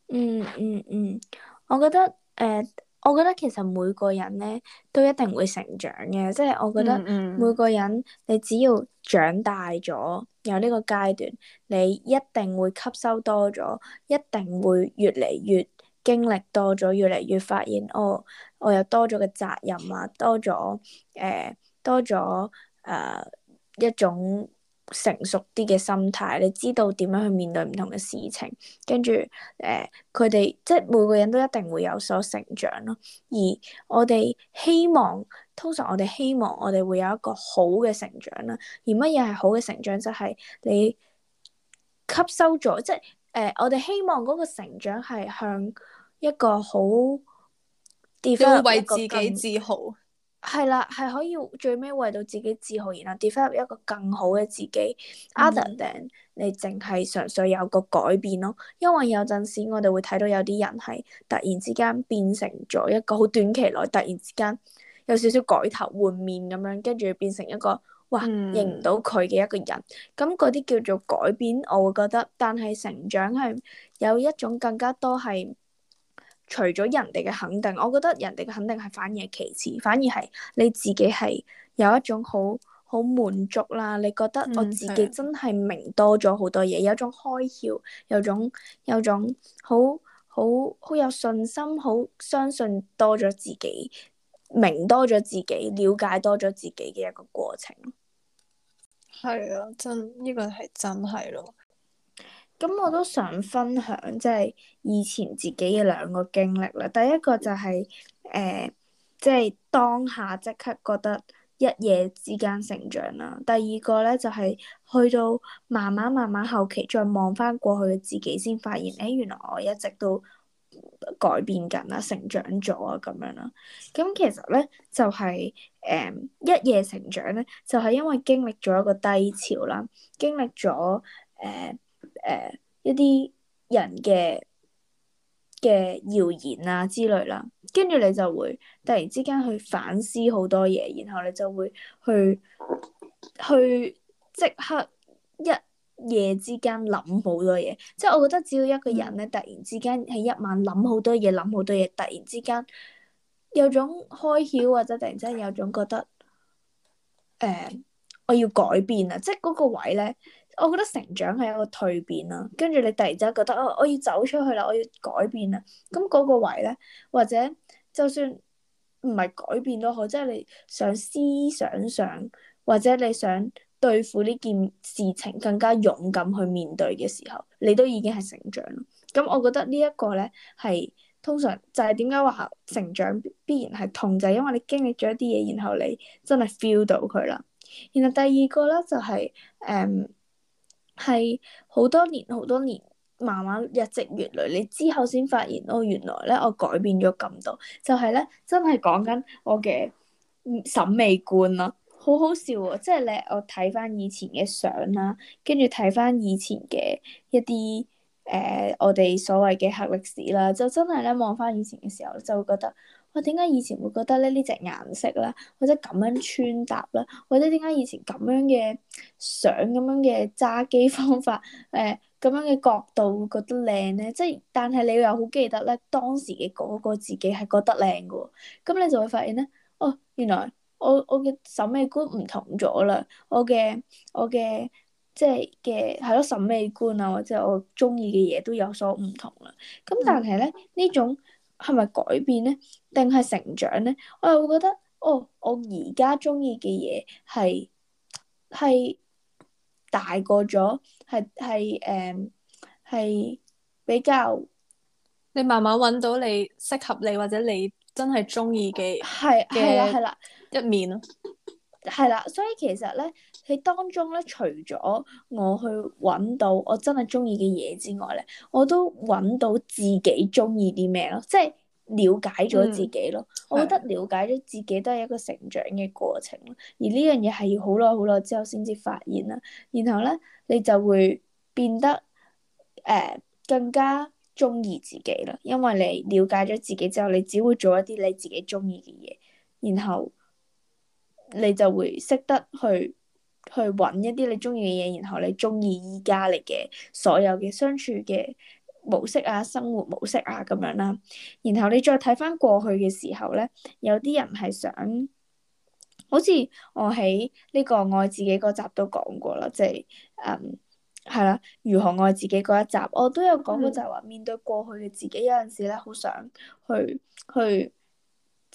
Speaker 2: 嗯嗯嗯，我覺得誒。呃我覺得
Speaker 1: 其實每個人咧都一定會成長嘅，即係我覺得每個人，嗯嗯，你只要長大咗，有呢個階段，你一定會吸收多咗，一定會越嚟越經歷多咗，越嚟越發現哦，我有多咗嘅責任啊，多咗誒、呃，多咗誒、呃、一種。成熟啲嘅心態，你知道點樣去面對唔同嘅事情，跟住誒，佢、呃、哋即係每個人都一定會有所成長啦。而我哋希望，通常我哋希望我哋會有一個好嘅成長啦。而乜嘢係好嘅成長？就係你吸收咗，即係誒、呃，我哋希望嗰個成長係向一個好地方，會為自己自豪。係啦，係可以最尾為到自己自豪，然，然後跌翻入一個更好嘅自己。嗯、Other than 你淨係純粹有個改變咯，因為有陣時我哋會睇到有啲人係突然之間變成咗一個好短期內突然之間有少少改頭換面咁樣，跟住變成一個哇，認唔到佢嘅一個人。咁嗰啲叫做改變，我會覺得。但係成長係有一種更加多係。除咗人哋嘅肯定，我覺得人哋嘅肯定係反而係其次，反而係你自己係有一種好好滿足啦。你覺得我自己真係明多咗好多嘢，有一種開竅，有種有種好好好有信心，好相信多咗自己，明多咗自己，了解多咗自己嘅一個過程。
Speaker 2: 係啊，真呢、這個係真係咯～
Speaker 1: 咁我都想分享，即、就、係、是、以前自己嘅兩個經歷啦。第一個就係、是、誒，即、呃、係、就是、當下即刻覺得一夜之間成長啦。第二個咧就係、是、去到慢慢慢慢後期，再望返過去嘅自己，先發現，誒、欸、原來我一直都改變緊啦，成長咗啊咁樣啦。咁其實咧就係、是、誒、呃、一夜成長咧，就係、是、因為經歷咗一個低潮啦，經歷咗誒。呃誒、呃，一啲人嘅嘅謠言啊之類啦，跟住你就會突然之間去反思好多嘢，然後你就會去去即刻一夜之間諗好多嘢，即係我覺得只要一個人咧、嗯、突然之間喺一晚諗好多嘢諗好多嘢，突然之間有種開竅或者突然之間有種覺得誒、呃，我要改變啊！即係嗰個位咧。我覺得成長係一個蛻變啦、啊，跟住你突然之間覺得哦，我要走出去啦，我要改變啦，咁嗰個位咧，或者就算唔係改變都好，即係你想思想上，或者你想對付呢件事情更加勇敢去面對嘅時候，你都已經係成長。咁我覺得呢一個咧係通常就係點解話成長必然係痛，就係、是、因為你經歷咗一啲嘢，然後你真係 feel 到佢啦。然後第二個咧就係、是、誒。嗯係好多年，好多年，慢慢日積月累，你之後先發現哦，原來咧我改變咗咁多，就係、是、咧真係講緊我嘅審美觀啦，好好笑喎、哦！即係咧我睇翻以前嘅相啦，跟住睇翻以前嘅一啲誒、呃，我哋所謂嘅黑歷史啦，就真係咧望翻以前嘅時候，就會覺得。我點解以前會覺得咧呢隻顏色啦，或者咁樣穿搭啦，或者點解以前咁樣嘅相，咁樣嘅揸機方法，誒、呃、咁樣嘅角度會覺得靚咧？即係但係你又好記得咧當時嘅嗰個個自己係覺得靚嘅喎，咁你就會發現咧，哦，原來我我嘅審美觀唔同咗啦，我嘅我嘅即係嘅係咯審美觀啊，或者我中意嘅嘢都有所唔同啦。咁但係咧呢、嗯、種。係咪改變咧？定係成長咧？我又會覺得，哦，我而家中意嘅嘢係
Speaker 2: 係大個咗，係係誒係比較你慢慢揾到你適合你或者你真係中意嘅係係啦係啦一面咯。係啦，所以其實咧，
Speaker 1: 佢當中咧，除咗我去揾到我真係中意嘅嘢之外咧，我都揾到自己中意啲咩咯，即係了解咗自己咯。嗯、我覺得了解咗自己都係一個成長嘅過程，而呢樣嘢係要好耐好耐之後先至發現啦。然後咧，你就會變得誒、呃、更加中意自己啦，因為你了解咗自己之後，你只會做一啲你自己中意嘅嘢，然後。你就會識得去去揾一啲你鍾意嘅嘢，然後你鍾意依家你嘅所有嘅相處嘅模式啊、生活模式啊咁樣啦。然後你再睇返過去嘅時候咧，有啲人係想，好似我喺呢、這個愛自己嗰集都講過啦，即係誒係啦，如何愛自己嗰一集，我都有講過就係話面對過去嘅自己、mm hmm. 有陣時咧，好想去去。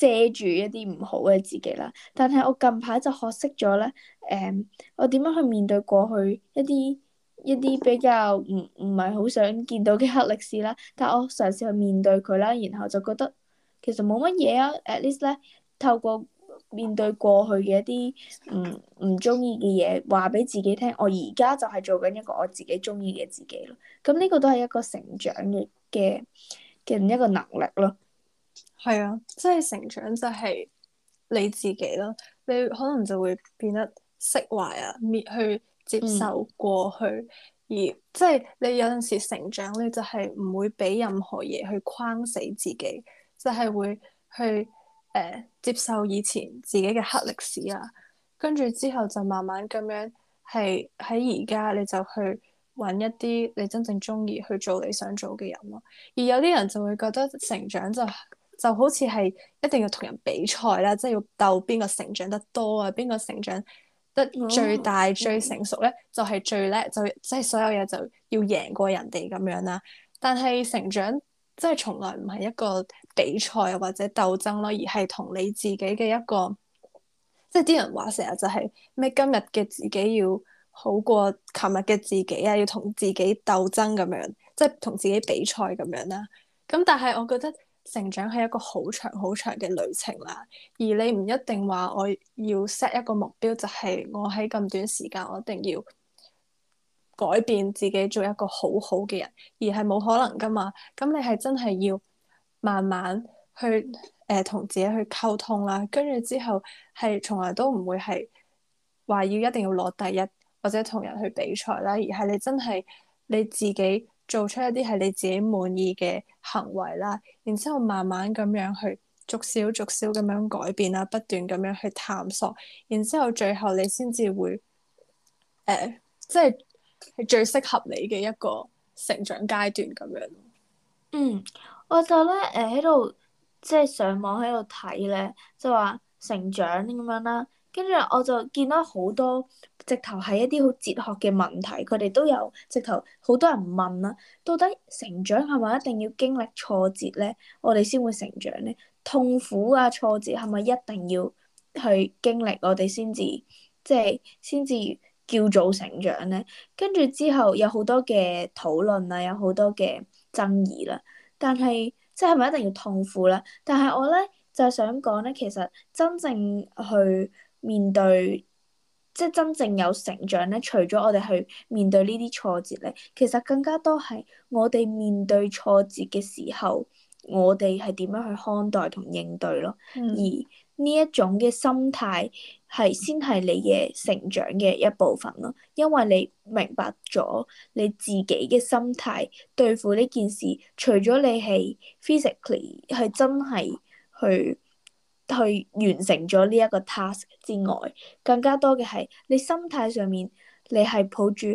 Speaker 1: 遮住一啲唔好嘅自己啦，但係我近排就學識咗咧，誒、嗯，我點樣去面對過去一啲一啲比較唔唔係好想見到嘅黑歷史啦？但係我嘗試去面對佢啦，然後就覺得其實冇乜嘢啊，at least 咧，透過面對過去嘅一啲唔唔中意嘅嘢，話、嗯、俾自己聽，我而家就係做緊一個我自己中意嘅自己咯。咁、嗯、呢、這個都係一個
Speaker 2: 成長嘅嘅嘅一個能力咯。係啊，即係成長就係你自己咯，你可能就會變得釋懷啊，去接受過去，嗯、而即係你有陣時成長咧就係唔會俾任何嘢去框死自己，就係、是、會去誒、呃、接受以前自己嘅黑歷史啊，跟住之後就慢慢咁樣係喺而家你就去揾一啲你真正中意去做你想做嘅人咯、啊，而有啲人就會覺得成長就。就好似係一定要同人比賽啦，即係要鬥邊個成長得多啊，邊個成長得最大、最成熟咧，就係最叻就即係所有嘢就要贏過人哋咁樣啦。但係成長即係從來唔係一個比賽或者鬥爭咯，而係同你自己嘅一個即係啲人話成日就係咩今日嘅自己要好過琴日嘅自己啊，要同自己鬥爭咁樣，即係同自己比賽咁樣啦。咁但係我覺得。成長係一個好長好長嘅旅程啦，而你唔一定話我要 set 一個目標，就係、是、我喺咁短時間我一定要改變自己做一個好好嘅人，而係冇可能噶嘛。咁你係真係要慢慢去誒同、呃、自己去溝通啦，跟住之後係從來都唔會係話要一定要攞第一或者同人去比賽啦，而係你真係你自己。做出一啲係你自己滿意嘅行為啦，然之後慢慢咁樣去逐少逐少咁樣改變啦，不斷咁樣去探索，然之後最後你先至會誒、呃，即係係最適合你嘅一個成長階段咁樣。嗯，我就咧誒喺度即係
Speaker 1: 上網喺度睇咧，即係話成長咁樣啦。跟住我就見到好多直頭係一啲好哲學嘅問題，佢哋都有直頭好多人問啦。到底成長係咪一定要經歷挫折咧？我哋先會成長咧？痛苦啊，挫折係咪一定要去經歷我？我哋先至即係先至叫做成長咧？跟住之後有好多嘅討論啦、啊，有好多嘅爭議啦、啊。但係即係咪一定要痛苦咧、啊？但係我咧就係想講咧，其實真正去面對即係真正有成長咧，除咗我哋去面對呢啲挫折咧，其實更加多係我哋面對挫折嘅時候，我哋係點樣去看待同應對咯。嗯。而呢一種嘅心態係先係你嘅成長嘅一部分咯，因為你明白咗你自己嘅心態對付呢件事，除咗你係 physically 係真係去。去完成咗呢一個 task 之外，更加多嘅係你心態上面，你係抱住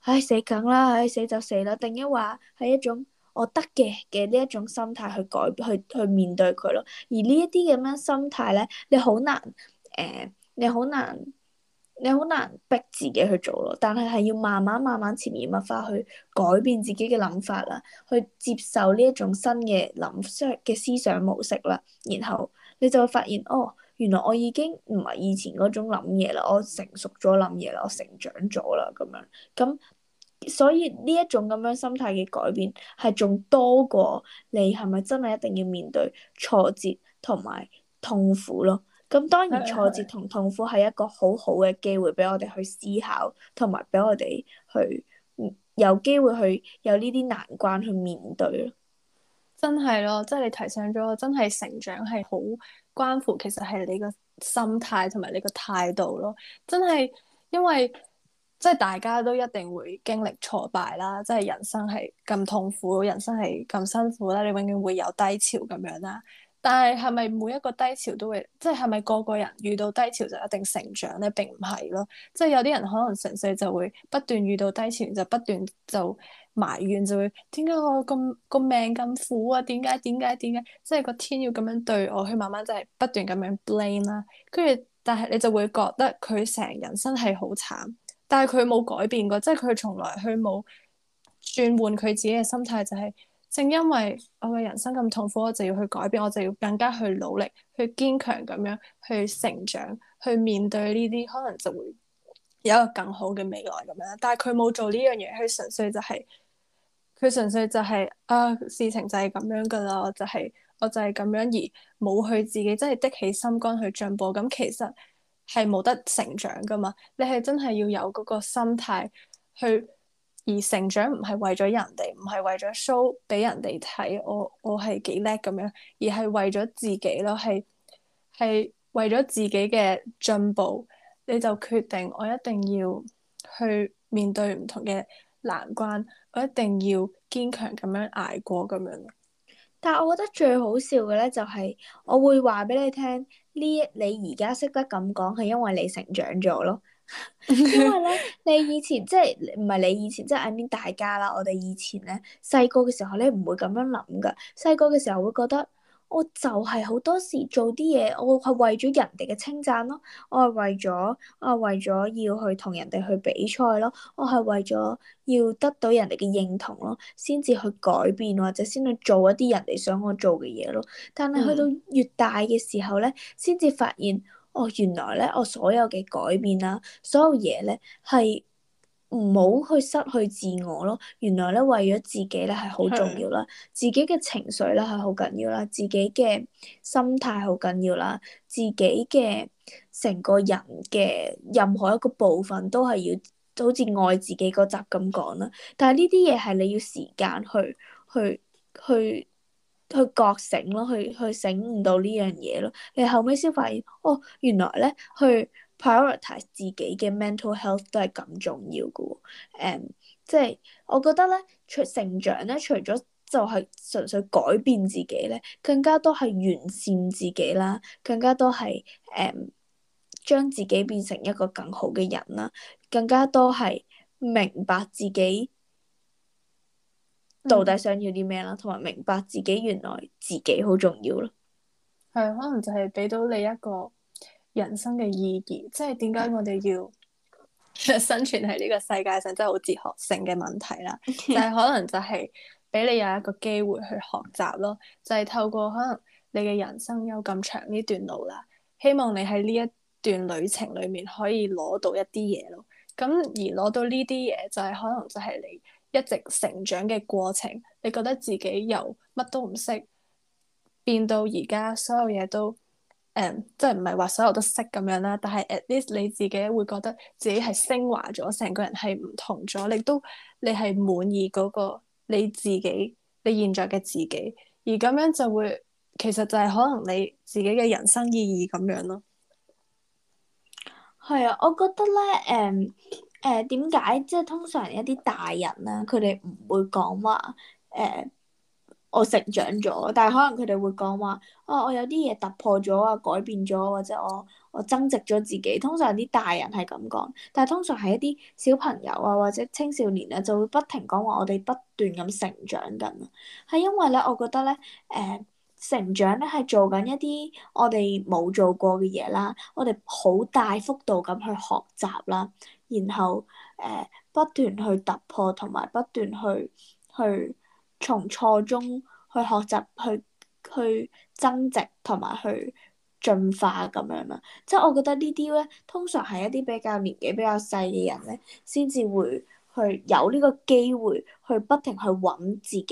Speaker 1: 唉，死梗啦，唉死就死啦，死定抑或係一種我得嘅嘅呢一種心態去改去去面對佢咯。而呢一啲咁樣心態咧，你好難誒、呃，你好難你好難逼自己去做咯。但係係要慢慢慢慢潛移默化去改變自己嘅諗法啦，去接受呢一種新嘅諗想嘅思想模式啦，然後。你就會發現，哦，原來我已經唔係以前嗰種諗嘢啦，我成熟咗諗嘢啦，我成長咗啦，咁樣咁，所以呢一種咁樣心態嘅改變，係仲多過你係咪真係一定要面對挫折同埋痛苦咯？咁當然，挫折同痛苦係一個好好嘅機會，俾我哋去思考，同埋俾我哋去有機會去有呢啲難關去面對咯。
Speaker 2: 真係咯，即係你提醒咗我真係成長係好關乎，其實係你個心態同埋你個態度咯。真係因為即係大家都一定會經歷挫敗啦，即係人生係咁痛苦，人生係咁辛苦啦，你永遠會有低潮咁樣啦。但係係咪每一個低潮都會，即係係咪個個人遇到低潮就一定成長咧？並唔係咯，即係有啲人可能成世就會不斷遇到低潮，就不斷就。埋怨就會，點解我咁個命咁苦啊？點解點解點解？即係個天要咁樣對我，去慢慢就係不斷咁樣 blame 啦。跟住，但係你就會覺得佢成人生係好慘，但係佢冇改變過，即係佢從來佢冇轉換佢自己嘅心態，就係，就係正因為我嘅人生咁痛苦，我就要去改變，我就要更加去努力，去堅強咁樣去成長，去面對呢啲，可能就會有一個更好嘅未來咁樣，但係佢冇做呢樣嘢，佢純粹就係佢純粹就係，啊事情就係咁樣噶啦，就係我就係，咁樣而冇去自己真係的起心肝去進步，咁其實係冇得成長噶嘛。你係真係要有嗰個心態去而成長，唔係為咗人哋，唔係為咗 show 俾人哋睇我我係幾叻咁樣，而係為咗自己咯，係係為咗自己嘅進步。你就決定我一定要去面對唔同嘅難關，我一定要堅強咁樣捱過咁樣。但係我覺得最好笑嘅咧，就係、是、我會話俾
Speaker 1: 你聽，呢你而家識得咁講係因為你成長咗咯。 因為咧，你以前即係唔係你以前即係 I mean 大家啦？我哋以前咧細個嘅時候咧，你唔會咁樣諗㗎。細個嘅時候會覺得。我就係好多時做啲嘢，我係為咗人哋嘅稱讚咯，我係為咗，我係為咗要去同人哋去比賽咯，我係為咗要得到人哋嘅認同咯，先至去改變或者先去做一啲人哋想我做嘅嘢咯。但係去到越大嘅時候咧，先至發現哦，原來咧我所有嘅改變啦、啊，所有嘢咧係。唔好去失去自我咯，原來咧為咗自己咧係好重要啦， 自己嘅情緒咧係好緊要啦，自己嘅心態好緊要啦，自己嘅成個人嘅任何一個部分都係要好似愛自己嗰集咁講啦，但係呢啲嘢係你要時間去去去去，去覺醒咯，去去醒悟到呢樣嘢咯，你後尾先發現，哦，原來咧去。Prioritize 自己嘅 mental health 都係咁重要嘅。哦，誒、um，即係我覺得咧，除成長咧，除咗就係純粹改變自己咧，更加多係完善自己啦，更加多係誒，將、um, 自己變成一個更好嘅人啦，更加多係明白自己到底想要啲咩啦，同埋、嗯、明白自己原來自己好重要咯。係可能就係
Speaker 2: 俾到你一個。人生嘅意義，即係點解我哋要生存喺呢個世界上，真係好哲學性嘅問題啦。 就係可能就係俾你有一個機會去學習咯，就係透過可能你嘅人生有咁長呢段路啦，希望你喺呢一段旅程裏面可以攞到一啲嘢咯。咁而攞到呢啲嘢，就係可能就係你一直成長嘅過程，你覺得自己由乜都唔識變到而家所有嘢都。誒，即係唔係話所有都識咁樣啦，但係 at least 你自己會覺得自己係升華咗，成個人係唔同咗，你都你係滿意嗰個你自己，你現在嘅自己，而咁樣就會其實就係可能你自己嘅人生意義咁樣咯。係 啊，我覺得咧，誒、
Speaker 1: um, 誒、呃，點解即係通常一啲大人咧，佢哋唔會講話誒。呃我成長咗，但係可能佢哋會講話，啊、哦，我有啲嘢突破咗啊，改變咗，或者我我增值咗自己。通常啲大人係咁講，但係通常係一啲小朋友啊，或者青少年啊，就會不停講話我哋不斷咁成長緊。係因為咧，我覺得咧，誒、呃、成長咧係做緊一啲我哋冇做過嘅嘢啦，我哋好大幅度咁去學習啦，然後誒、呃、不斷去突破同埋不斷去去。去從錯中去學習，去去增值同埋去進化咁樣啦。即係我覺得呢啲咧，通常係一啲比較年紀比較細嘅人咧，先至會去，去有呢個機會去不停去揾自己，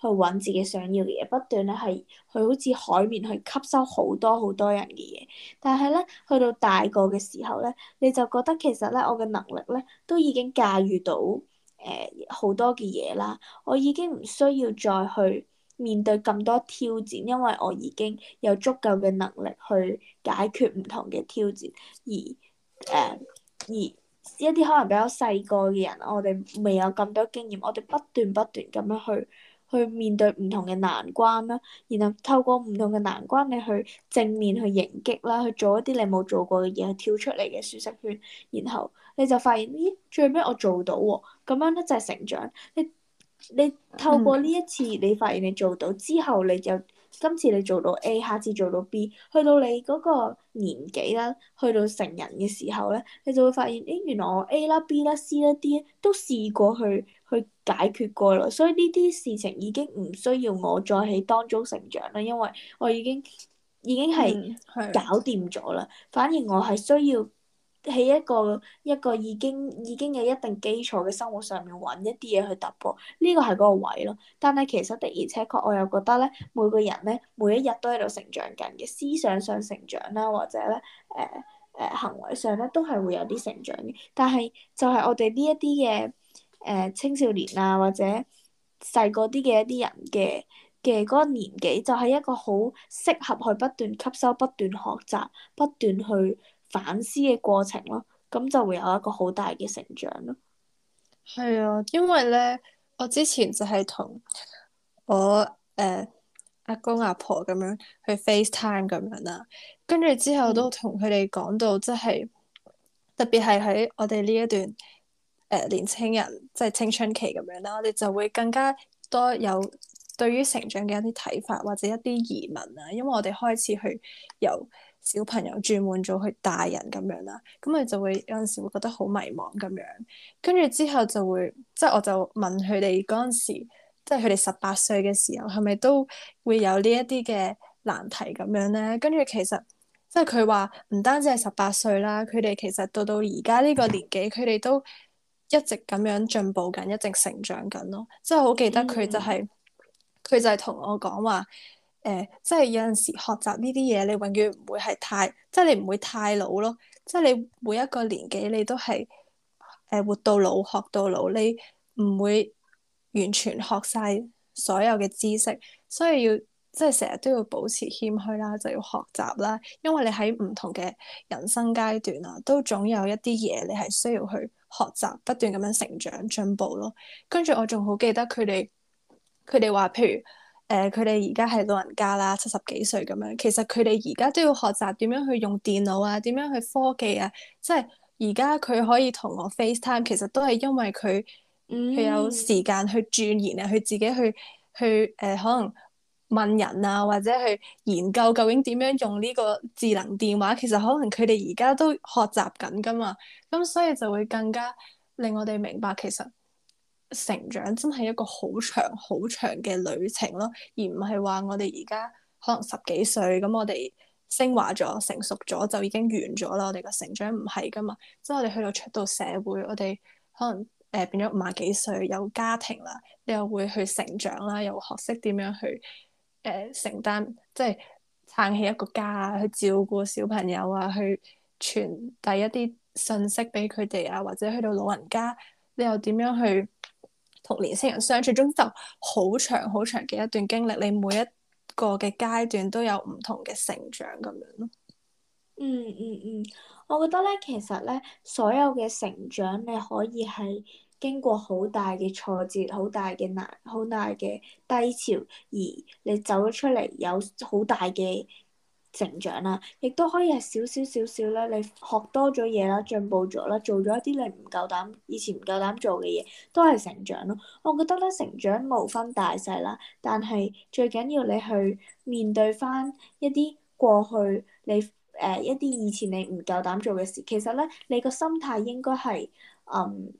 Speaker 1: 去揾自己想要嘅嘢，不斷咧係去好似海綿去吸收好多好多人嘅嘢。但係咧，去到大個嘅時候咧，你就覺得其實咧，我嘅能力咧都已經駕馭到。誒，好多嘅嘢啦，我已經唔需要再去面對咁多挑戰，因為我已經有足夠嘅能力去解決唔同嘅挑戰。而誒、呃，而一啲可能比較細個嘅人，我哋未有咁多經驗，我哋不斷不斷咁樣去去面對唔同嘅難關啦，然後透過唔同嘅難關，你去正面去迎擊啦，去做一啲你冇做過嘅嘢，跳出嚟嘅舒適圈，然後。你就發現，咦，最尾我做到喎，咁樣咧就係成長。你你透過呢一次，你發現你做到之後，你就今次你做到 A，下次做到 B，去到你嗰個年紀啦，去到成人嘅時候咧，你就會發現，誒原來我 A 啦、B 啦、C 啦、D 咧都試過去去解決過啦。所以呢啲事情已經唔需要我再喺當中成長啦，因為我已經已經係搞掂咗啦。嗯、反而我係需要。喺一個一個已經已經有一定基礎嘅生活上面揾一啲嘢去突破，呢個係嗰個位咯。但係其實的而且確，我又覺得咧，每個人咧，每一日都喺度成長緊嘅，思想上成長啦，或者咧誒誒行為上咧都係會有啲成長嘅。但係就係我哋呢一啲嘅誒青少年啊，或者細個啲嘅一啲人嘅嘅嗰個年紀，就係一個好適合去不斷吸收、不斷學習、不斷去。反思嘅過程咯，咁就會有一個好大嘅
Speaker 2: 成長咯。係啊，因為咧，我之前就係同我誒、呃、阿公阿婆咁樣去 FaceTime 咁樣啦，跟住之後都同佢哋講到即係、嗯、特別係喺我哋呢一段誒、呃、年輕人即係青春期咁樣啦，我哋就會更加多有對於成長嘅一啲睇法或者一啲疑問啊，因為我哋開始去由小朋友轉換咗去大人咁樣啦，咁佢就會有陣時會覺得好迷茫咁樣，跟住之後就會，即係我就問佢哋嗰陣時，即係佢哋十八歲嘅時候，係咪都會有呢一啲嘅難題咁樣咧？跟住其實，即係佢話唔單止係十八歲啦，佢哋其實到到而家呢個年紀，佢哋都一直咁樣進步緊，一直成長緊咯。即係好記得佢就係、是，佢、嗯、就係同我講話。誒、呃，即係有陣時學習呢啲嘢，你永遠唔會係太，即係你唔會太老咯。即係你每一個年紀，你都係誒、呃、活到老，學到老，你唔會完全學晒所有嘅知識，所以要即係成日都要保持謙虛啦，就要學習啦。因為你喺唔同嘅人生階段啊，都總有一啲嘢你係需要去學習，不斷咁樣成長進步咯。跟住我仲好記得佢哋，佢哋話譬如。誒，佢哋而家係老人家啦，七十幾歲咁樣，其實佢哋而家都要學習點樣去用電腦啊，點樣去科技啊，即係而家佢可以同我 FaceTime，其實都係因為佢佢、嗯，有時間去鑽研啊，佢自己去去誒、呃，可能問人啊，或者去研究究竟點樣用呢個智能電話，其實可能佢哋而家都學習緊噶嘛，咁所以就會更加令我哋明白其實，成長真係一個好長、好長嘅旅程咯，而唔係話我哋而家可能十幾歲咁，我哋升華咗、成熟咗就已經完咗啦。我哋個成長唔係噶嘛，即係我哋去到出到社會，我哋可能誒、呃、變咗五十幾歲，有家庭啦，你又會去成長啦，又會學識點樣去誒、呃、承擔，即係撐起一個家去照顧小朋友啊，去傳遞一啲信息俾佢哋啊，或者去到老人家，你又點樣去同年青人相處，中就好長好長嘅一段經歷，你每一個嘅階段都有唔同嘅成長咁樣咯、嗯。嗯嗯嗯，我
Speaker 1: 覺得咧，其實咧，所有嘅成長，你可以係經過好大嘅挫折、好大嘅難、好大嘅低潮，而你走咗出嚟有好大嘅成長啦，亦都可以係少少少少啦。你學多咗嘢啦，進步咗啦，做咗一啲你唔夠膽以前唔夠膽做嘅嘢，都係成長咯。我覺得咧，成長無分大細啦，但係最緊要你去面對返一啲過去你誒、呃、一啲以前你唔夠膽做嘅事。其實咧，你個心態應該係嗯，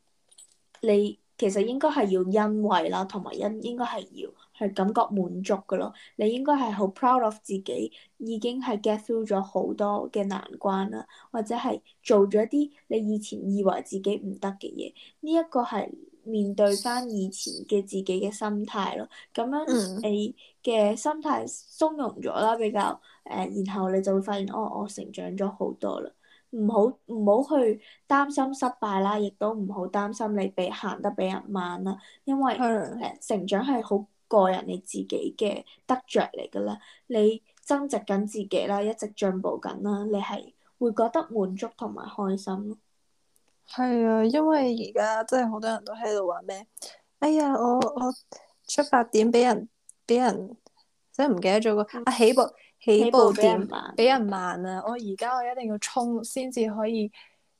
Speaker 1: 你其實應該係要欣慰啦，同埋應應該係要，係感覺滿足噶咯，你應該係好 proud of 自己，已經係 get through 咗好多嘅難關啦，或者係做咗一啲你以前以為自己唔得嘅嘢，呢一個係面對翻以前嘅自己嘅心態咯，咁樣你嘅心態鬆容咗啦，比較誒，然後你就會發現哦，我成長咗好多啦，唔好唔好去擔心失敗啦，亦都唔好擔心你比行得比人慢啦，因為成長係好。個人你自己嘅得着嚟噶啦，你增值緊自己啦，一直進步
Speaker 2: 緊啦，你係會覺得滿足同埋開心。係啊，因為而家真係好多人都喺度話咩？哎呀，我我出發點俾人俾人,人即係唔記得咗個啊起步起步點俾人慢啊！我而家我一定要衝先至可以，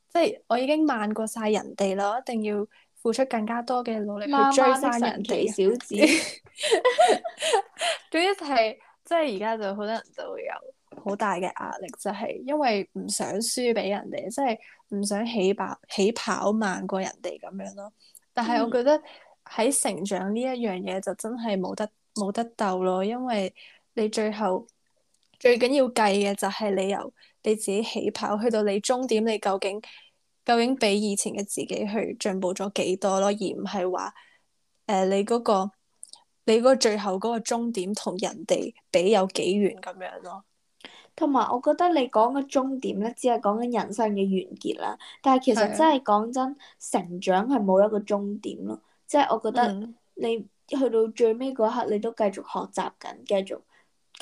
Speaker 2: 即係我已經慢過晒人哋啦，一定要。付出更加多嘅努力去追翻人哋小子。 總之係即係而家就好多人就會有好大嘅壓力，就係因為唔想輸俾人哋，即係唔想起跑起跑慢過人哋咁樣咯。
Speaker 1: 但係我覺
Speaker 2: 得喺成長呢一樣嘢就真係冇得冇得鬥咯，因為你最後最緊要計嘅就係你由你自己起跑去到你終點，你究竟。究竟比以前嘅自己去進步咗幾多咯？而唔係話誒，你嗰個你嗰個最後嗰個終點同人哋比有幾遠咁樣咯？同埋，我覺得
Speaker 1: 你講嘅終點咧，只係講緊人生嘅完結啦。但係其實真係講真，的成長係冇一個終點咯。即係我覺得，嗯，你去到最尾嗰刻，你都繼續學習緊，繼續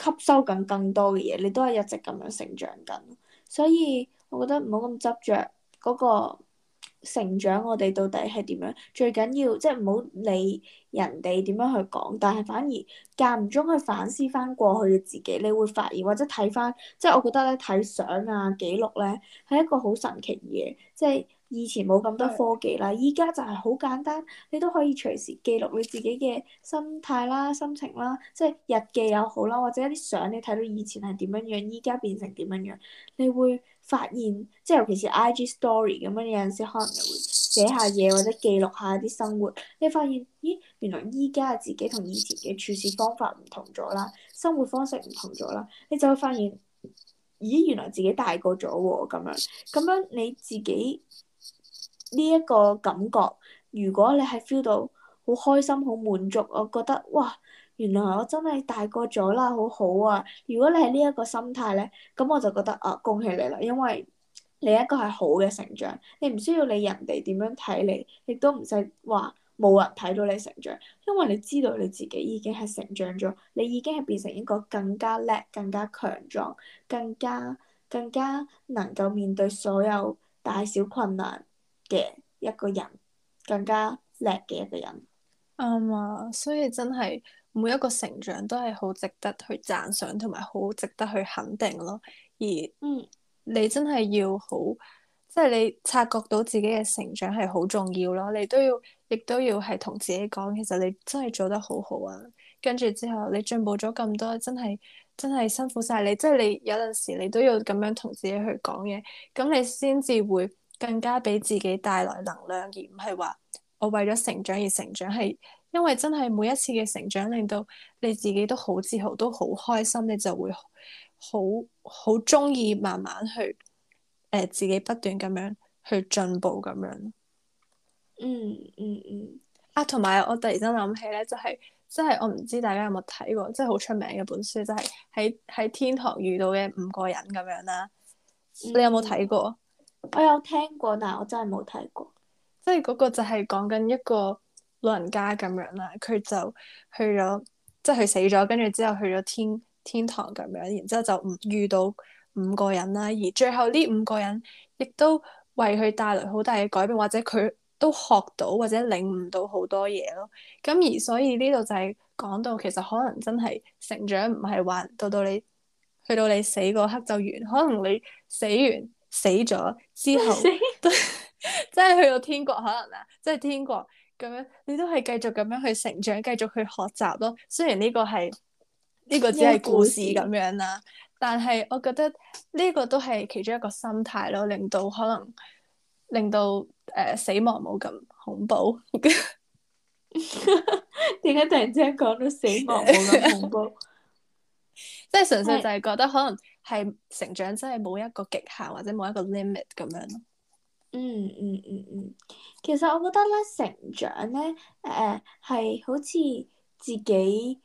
Speaker 1: 吸收緊更多嘅嘢，你都係一直咁樣成長緊。所以我覺得唔好咁執着。嗰個成長，我哋到底係點樣？最緊要即係唔好理人哋點樣去講，但係反而間唔中去反思翻過去嘅自己，你會發現或者睇翻，即係我覺得咧，睇相啊記錄咧係一個好神奇嘅嘢，即係以前冇咁多科技啦，依家的就係好簡單，你都可以隨時記錄你自己嘅心態啦、心情啦，即係日記又好啦，或者一啲相你睇到以前係點樣樣，依家變成點樣樣，你會發現即係尤其是 IG story 咁樣，有陣時可能又會寫下嘢，或者記錄下啲生活。你發現咦，原來依家自己同以前嘅處事方法唔同咗啦，生活方式唔同咗啦，你就會發現咦，原來自己大個咗喎咁樣。咁樣你自己呢一個感覺，如果你係 feel 到好開心、好滿足，我覺得哇～原來我真係大個咗啦，好好啊！如果你係呢一個心態咧，咁我就覺得啊，恭喜你啦，因為你一個係好嘅成長，你唔需要你人哋點樣睇你，亦都唔使話冇人睇到你成長，因為你知道你自己已經係成長咗，你已經係變成一個更加叻、更加強壯、更加更加能夠面對所有大小困難嘅一個
Speaker 2: 人，更加
Speaker 1: 叻嘅一個人。
Speaker 2: 啱、嗯、啊，所以真係～每一個成長都係好值得去讚賞同埋好值得去肯定咯，而嗯，你真係要好，即係你察覺到自己嘅成長係好重要咯，你都要，亦都要係同自己講，其實你真係做得好好啊。跟住之後，你進步咗咁多，真係真係辛苦晒你，即係你有陣時你都要咁樣同自己去講嘢，咁你先至會更加俾自己帶來能量，而唔係話我為咗成長而成長係。因為真係每一次嘅成長，令到你自己都好自豪，都好開心，你就會好好中意慢慢去誒、呃，自己不斷咁樣去進步咁樣。嗯嗯嗯，嗯嗯啊，同埋我突然間諗起咧，就係即係我唔知大家有冇睇過，即係好出名嘅本書，就係喺喺天堂遇到嘅五個人咁樣啦。
Speaker 1: 嗯、你有冇睇
Speaker 2: 過？我有聽過，但係我真係冇睇過。即係嗰個就係講緊一個。老人家咁樣啦，佢就去咗，即係佢死咗，跟住之後去咗天天堂咁樣，然之後就唔遇到五個人啦。而最後呢五個人亦都為佢帶來好大嘅改變，或者佢都學到或者領悟到好多嘢咯。咁而所以呢度就係講到其實可能真係成長唔係話到到你去到你死嗰刻就完，可能你死完死咗之後，即係 去到天國可能啊，即係天國。咁樣你都係繼續咁樣去成長，繼續去學習咯。雖然呢個係呢、呢個只係故事咁樣啦，但係我覺得呢個都係其中一個心態咯，令到可能令到誒、呃、死亡冇咁恐怖。點 解 突然之間講到死亡冇咁恐怖？即係純粹就係覺得可能係成長真係冇一個極限或者冇一個 limit 咁樣。嗯
Speaker 1: 嗯嗯嗯，其實我覺得咧，成長咧，誒、呃、係好似自己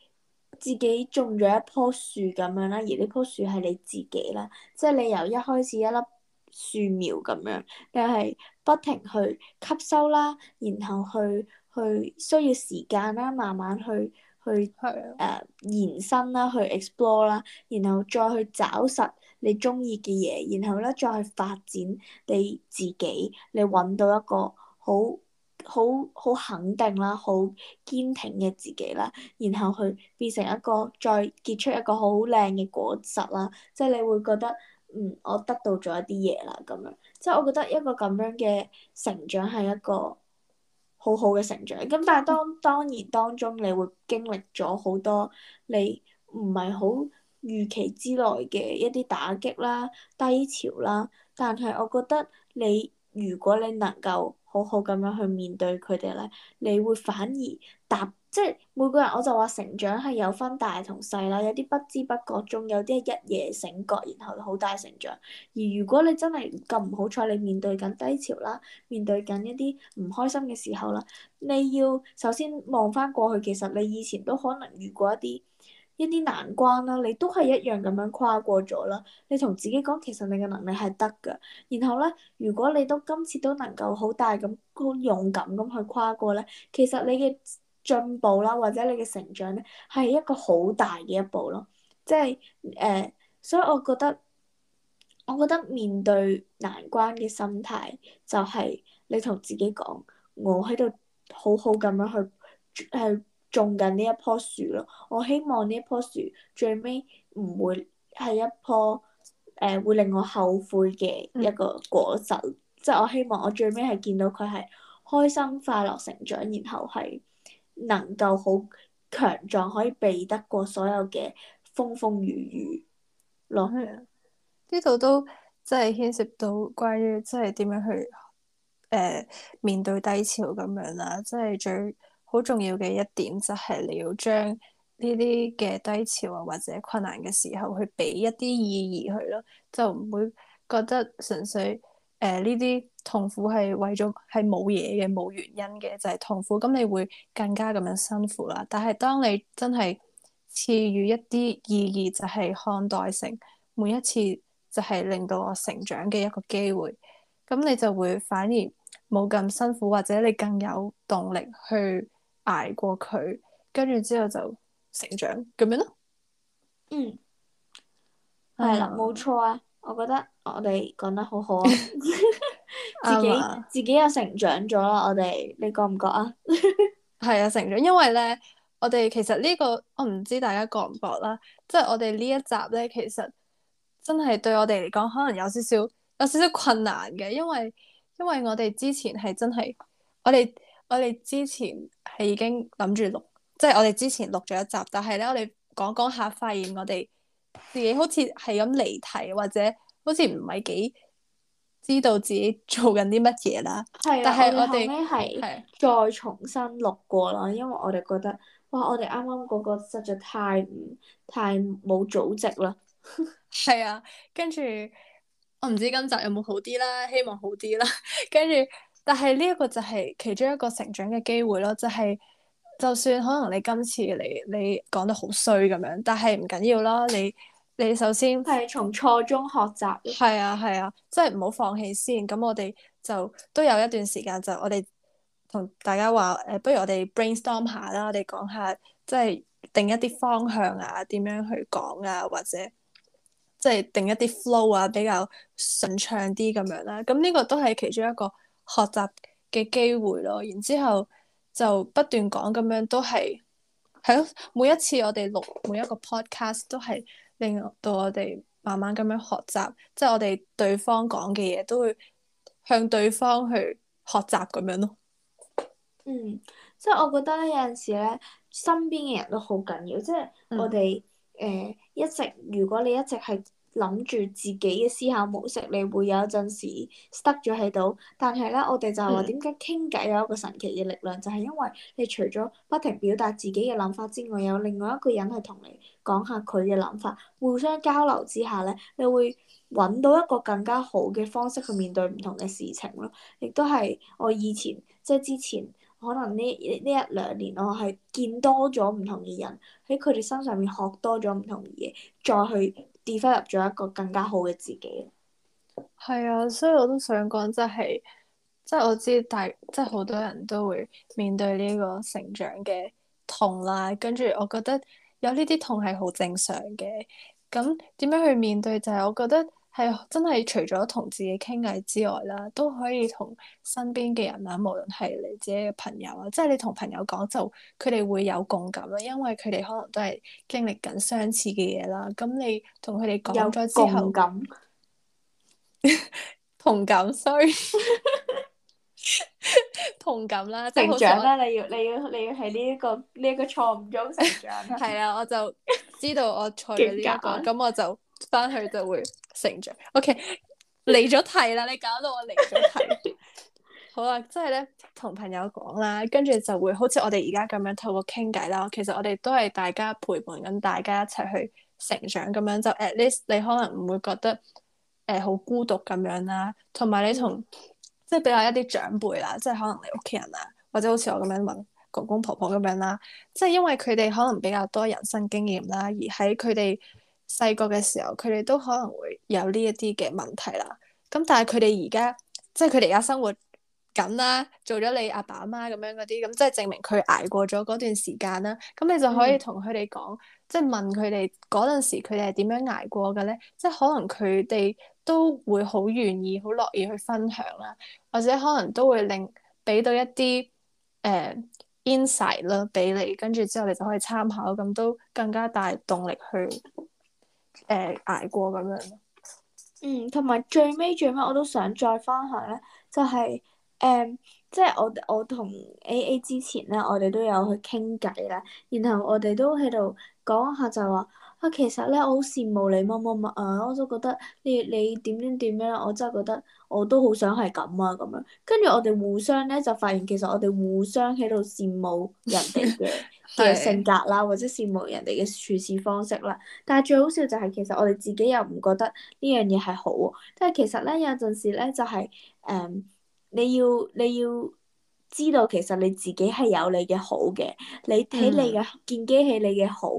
Speaker 1: 自己種咗一棵樹咁樣啦，而呢棵樹係你自己啦，即係你由一開始一粒樹苗咁樣，你係不停去吸收啦，然後去去需要時間啦，慢慢去去誒、呃、延伸啦，去 explore 啦，然後再去找實。你中意嘅嘢，然後咧再去發展你自己，你揾到一個好好好肯定啦，好堅挺嘅自己啦，然後去變成一個再結出一個好靚嘅果實啦，即係你會覺得，嗯，我得到咗一啲嘢啦咁樣，即係我覺得一個咁樣嘅成長係一個好好嘅成長，咁但係當當然當中你會經歷咗好多，你唔係好預期之內嘅一啲打擊啦、低潮啦，但係我覺得你如果你能夠好好咁樣去面對佢哋咧，你會反而達即係每個人我就話成長係有分大同細啦，有啲不知不覺中有啲係一夜醒覺，然後好大成長。而如果你真係咁唔好彩，你面對緊低潮啦，面對緊一啲唔開心嘅時候啦，你要首先望翻過去，其實你以前都可能遇過一啲。一啲難關啦，你都係一樣咁樣跨過咗啦。你同自己講，其實你嘅能力係得㗎。然後咧，如果你都今次都能夠好大咁，好勇敢咁去跨過咧，其實你嘅進步啦，或者你嘅成長咧，係一個好大嘅一步咯。即係誒、呃，所以我覺得，我覺得面對難關嘅心態就係、係、你同自己講，我喺度好好咁樣去誒。呃種緊呢一棵樹咯，我希望呢一棵樹最尾唔會係一棵誒、呃、會令我後悔嘅一個果子，嗯、即係我希望我最尾係見到佢係開心快樂成長，然後係能夠好強壯，可以
Speaker 2: 避得過所有嘅風風雨雨咯。呢度、嗯、都即係牽涉到關於即係點樣去誒、呃、面對低潮咁樣啦，即係最。好重要嘅一點就係、是、你要將呢啲嘅低潮啊，或者困難嘅時候去俾一啲意義佢咯，就唔會覺得純粹誒呢啲痛苦係為咗係冇嘢嘅冇原因嘅就係、是、痛苦，咁你會更加咁樣辛苦啦。但係當你真係賜予一啲意義，就係、是、看待成每一次就係令到我成長嘅一個機會，咁你就會反而冇咁辛苦，或者你更有動力去。捱過佢，跟住之後就成長咁樣咯。嗯，係啦、嗯，冇
Speaker 1: 錯啊！我覺得我哋講得好好
Speaker 2: 啊， 自己
Speaker 1: 自己又成長咗啦。
Speaker 2: 我哋你覺唔覺啊？係 啊，成長，因為咧，我哋其實呢、呢個我唔知大家覺唔覺啦，即係我哋呢一集咧，其實真係對我哋嚟講，可能有少少有少少困難嘅，因為因為我哋之前係真係我哋。我哋之前係已經諗住錄，即係我哋之前錄咗一集，但係咧我哋講講下，發現我哋自己好似係咁離題，或者好似唔係幾知道自己做緊啲乜嘢啦。係啊，但係我哋係
Speaker 1: 再重新錄過啦，因為我哋覺得，哇，我哋啱啱嗰個實
Speaker 2: 在太唔太冇組織啦。係 啊，跟住我唔知今集有冇好啲啦，希望好啲啦，跟住。但係呢一個就係其中一個成長嘅機會咯，就係、是、就算可能你今次嚟，你講得好衰咁樣，但係唔緊要咯，你你首先係從錯中學習。係啊係啊，即係唔好放棄先。咁我哋就都有一段時間，就我哋同大家話誒、呃，不如我哋 brainstorm 下啦，我哋講下即係定一啲方向啊，點樣去講啊，或者即係定一啲 flow 啊，比較順暢啲咁樣啦。咁呢個都係其中一個學習嘅機會咯，然之後就不斷講咁樣，都係喺每一次我哋錄每一個 podcast 都係令到我哋慢慢咁樣學習，即係我哋對方講嘅嘢都會向對方去學習咁樣咯。嗯，即係我覺得咧有陣時咧，身邊嘅人都好緊
Speaker 1: 要，即係我哋誒、嗯呃、一直如果你一直係。諗住自己嘅思考模式，你會有一陣時 stuck 咗喺度。但係咧，我哋就係話點解傾偈有一個神奇嘅力量，就係、是、因為你除咗不停表達自己嘅諗法之外，有另外一個人係同你講下佢嘅諗法，互相交流之下咧，你會揾到一個更加好嘅方式去面對唔同嘅事情咯。亦都係我以前即係、就是、之前可能呢呢一,一兩年我係見多咗唔同嘅人喺佢哋身上面學多咗唔同嘅嘢，再去。develop 咗一個更加好嘅自己。
Speaker 2: 係啊，所以我都想講，即係即係我知大，即係好多人都會面對呢個成長嘅痛啦。跟住我覺得有呢啲痛係好正常嘅。咁點樣去面對？就係我覺得。係真係除咗同自己傾偈之外啦，都可以同身邊嘅人啊，無論係你自己嘅朋友啊，即係你同朋友講就，佢哋會有共感啦，因為佢哋可能都係經歷緊相似嘅嘢啦。咁你同佢哋講咗之後，感 同感衰，Sorry. 同感啦， 即成長啦、啊，你要你要你要喺呢一個呢一，這個錯誤中成長。係 啊，我就知道我錯咗呢個，咁 的我就。翻去就會成長。OK，離咗題啦，你搞到我離咗題。 好啊，即係咧同朋友講啦，跟住就會好似我哋而家咁樣透過傾偈啦。其實我哋都係大家陪伴緊，大家一齊去成長咁樣。就 at least 你可能唔會覺得誒好孤獨咁樣啦。同埋你同即係比較一啲長輩啦，即係可能你屋企人啊，或者好似我咁樣問公公婆婆咁樣啦。即係因為佢哋可能比較多人生經驗啦，而喺佢哋。細個嘅時候，佢哋都可能會有呢一啲嘅問題啦。咁但係佢哋而家即係佢哋而家生活緊啦，做咗你阿爸阿媽咁樣嗰啲，咁即係證明佢挨過咗嗰段時間啦。咁你就可以同佢哋講，即係問佢哋嗰陣時佢哋係點樣挨過嘅咧？即係可能佢哋都會好願意、好樂意去分享啦，或者可能都會令俾到一啲誒 insight 啦，俾，呃，你跟住之後，你就可以參考，咁都更加大動力去。誒、呃，捱過咁樣，
Speaker 1: 嗯，同埋最尾最尾我都想再翻下咧，就係、是、誒、嗯，即係我我同 A A 之前咧，我哋都有去傾偈啦，然後我哋都喺度講下就話啊，其實咧我好羨慕你乜乜乜，誒、啊，我都覺得你你點點點樣，我真係覺得我都好想係咁啊咁樣，跟住我哋互相咧就發現，其實我哋互相喺度羨慕人哋嘅。
Speaker 2: 性
Speaker 1: 格啦，或者羨慕人哋嘅處事方式啦，但係最好笑就係其實我哋自己又唔覺得呢樣嘢係好喎。但係其實咧有陣時咧就係、是、誒、嗯，你要你要知道其實你自己係有你嘅好嘅，你睇你嘅建基喺你嘅好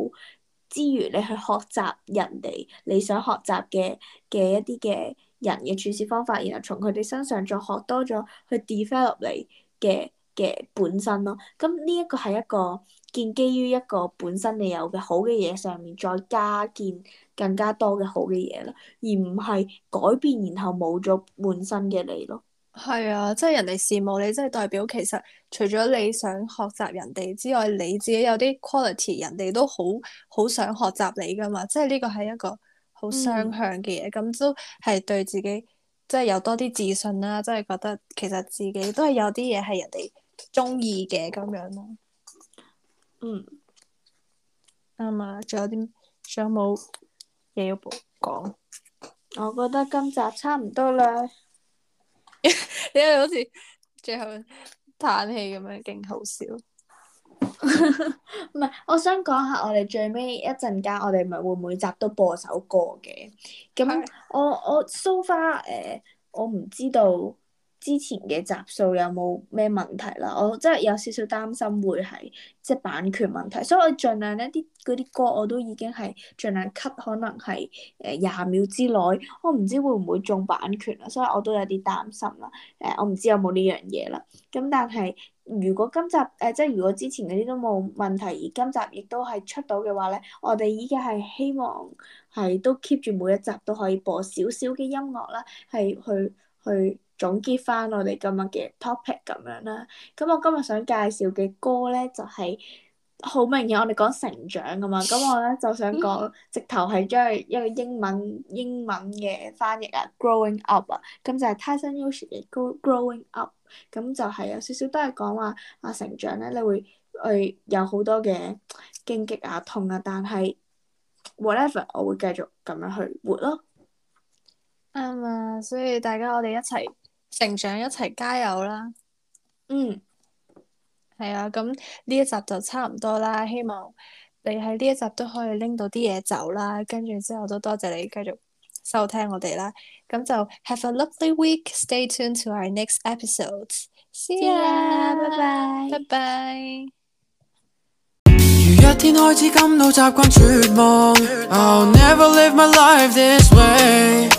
Speaker 1: 之餘，你去學習人哋你想學習嘅嘅一啲嘅人嘅處事方法，然後從佢哋身上再學多咗去 develop 你嘅嘅本身咯。咁呢一個係一個。建基於一個本身你有嘅好嘅嘢上面，再加建更加多嘅好嘅嘢咯，而唔係改變然後冇咗本身嘅你咯。
Speaker 2: 係啊，即係人哋羨慕你，即係代表其實除咗你想學習人哋之外，你自己有啲 quality，人哋都好好想學習你噶嘛。即係呢個係一個好雙向嘅嘢，咁都係對自己即係有多啲自信啦。即係覺得其實自己都係有啲嘢係人哋中意嘅咁樣咯。嗯，啱啊！仲有啲，仲有冇嘢要講？我覺得今集差唔多啦， 你係好似最後嘆氣咁樣，勁好笑。唔 係， 我想講下我，我哋
Speaker 1: 最尾一陣間，我哋咪會每集都播首歌嘅。咁的，我、so far, uh, 我 so far 誒，我唔知道。之前嘅集數有冇咩問題啦？我真係有少少擔心會係即係版權問題，所以我盡量呢啲嗰啲歌我都已經係盡量 cut，可能係誒廿秒之內，我唔知會唔會中版權啦，所以我都有啲擔心啦。誒，我唔知有冇呢樣嘢啦。咁但係如果今集誒，即係如果之前嗰啲都冇問題，而今集亦都係出到嘅話咧，我哋依家係希望係都 keep 住每一集都可以播少少嘅音樂啦，係去去，去總結翻我哋今日嘅 topic 咁樣啦。咁我今日想介紹嘅歌咧，就係、是、好明顯，我哋講成長噶嘛。咁我咧就想講，嗯、直頭係將一個英文英文嘅翻譯啊，Growing Up 啊，咁就係 Tyson Yoshi 嘅 Grow Growing Up，咁就係有少少都係講話啊成長咧，你會去有好多嘅荊棘啊、痛啊，但係 whatever，我會繼續咁樣去活咯。
Speaker 2: 啱啊，所以大家我哋一齊。成長一齊加油啦，嗯，係啊，咁呢一集就差唔多啦，希望你喺呢一集都可以拎到啲嘢，走啦，跟住之後都多謝你繼續收聽我哋啦，咁就 Have a lovely week，Stay tuned to our next episodes，See ya，拜拜，拜拜。如一天開始感到習慣絕望，I'll never live my life this way.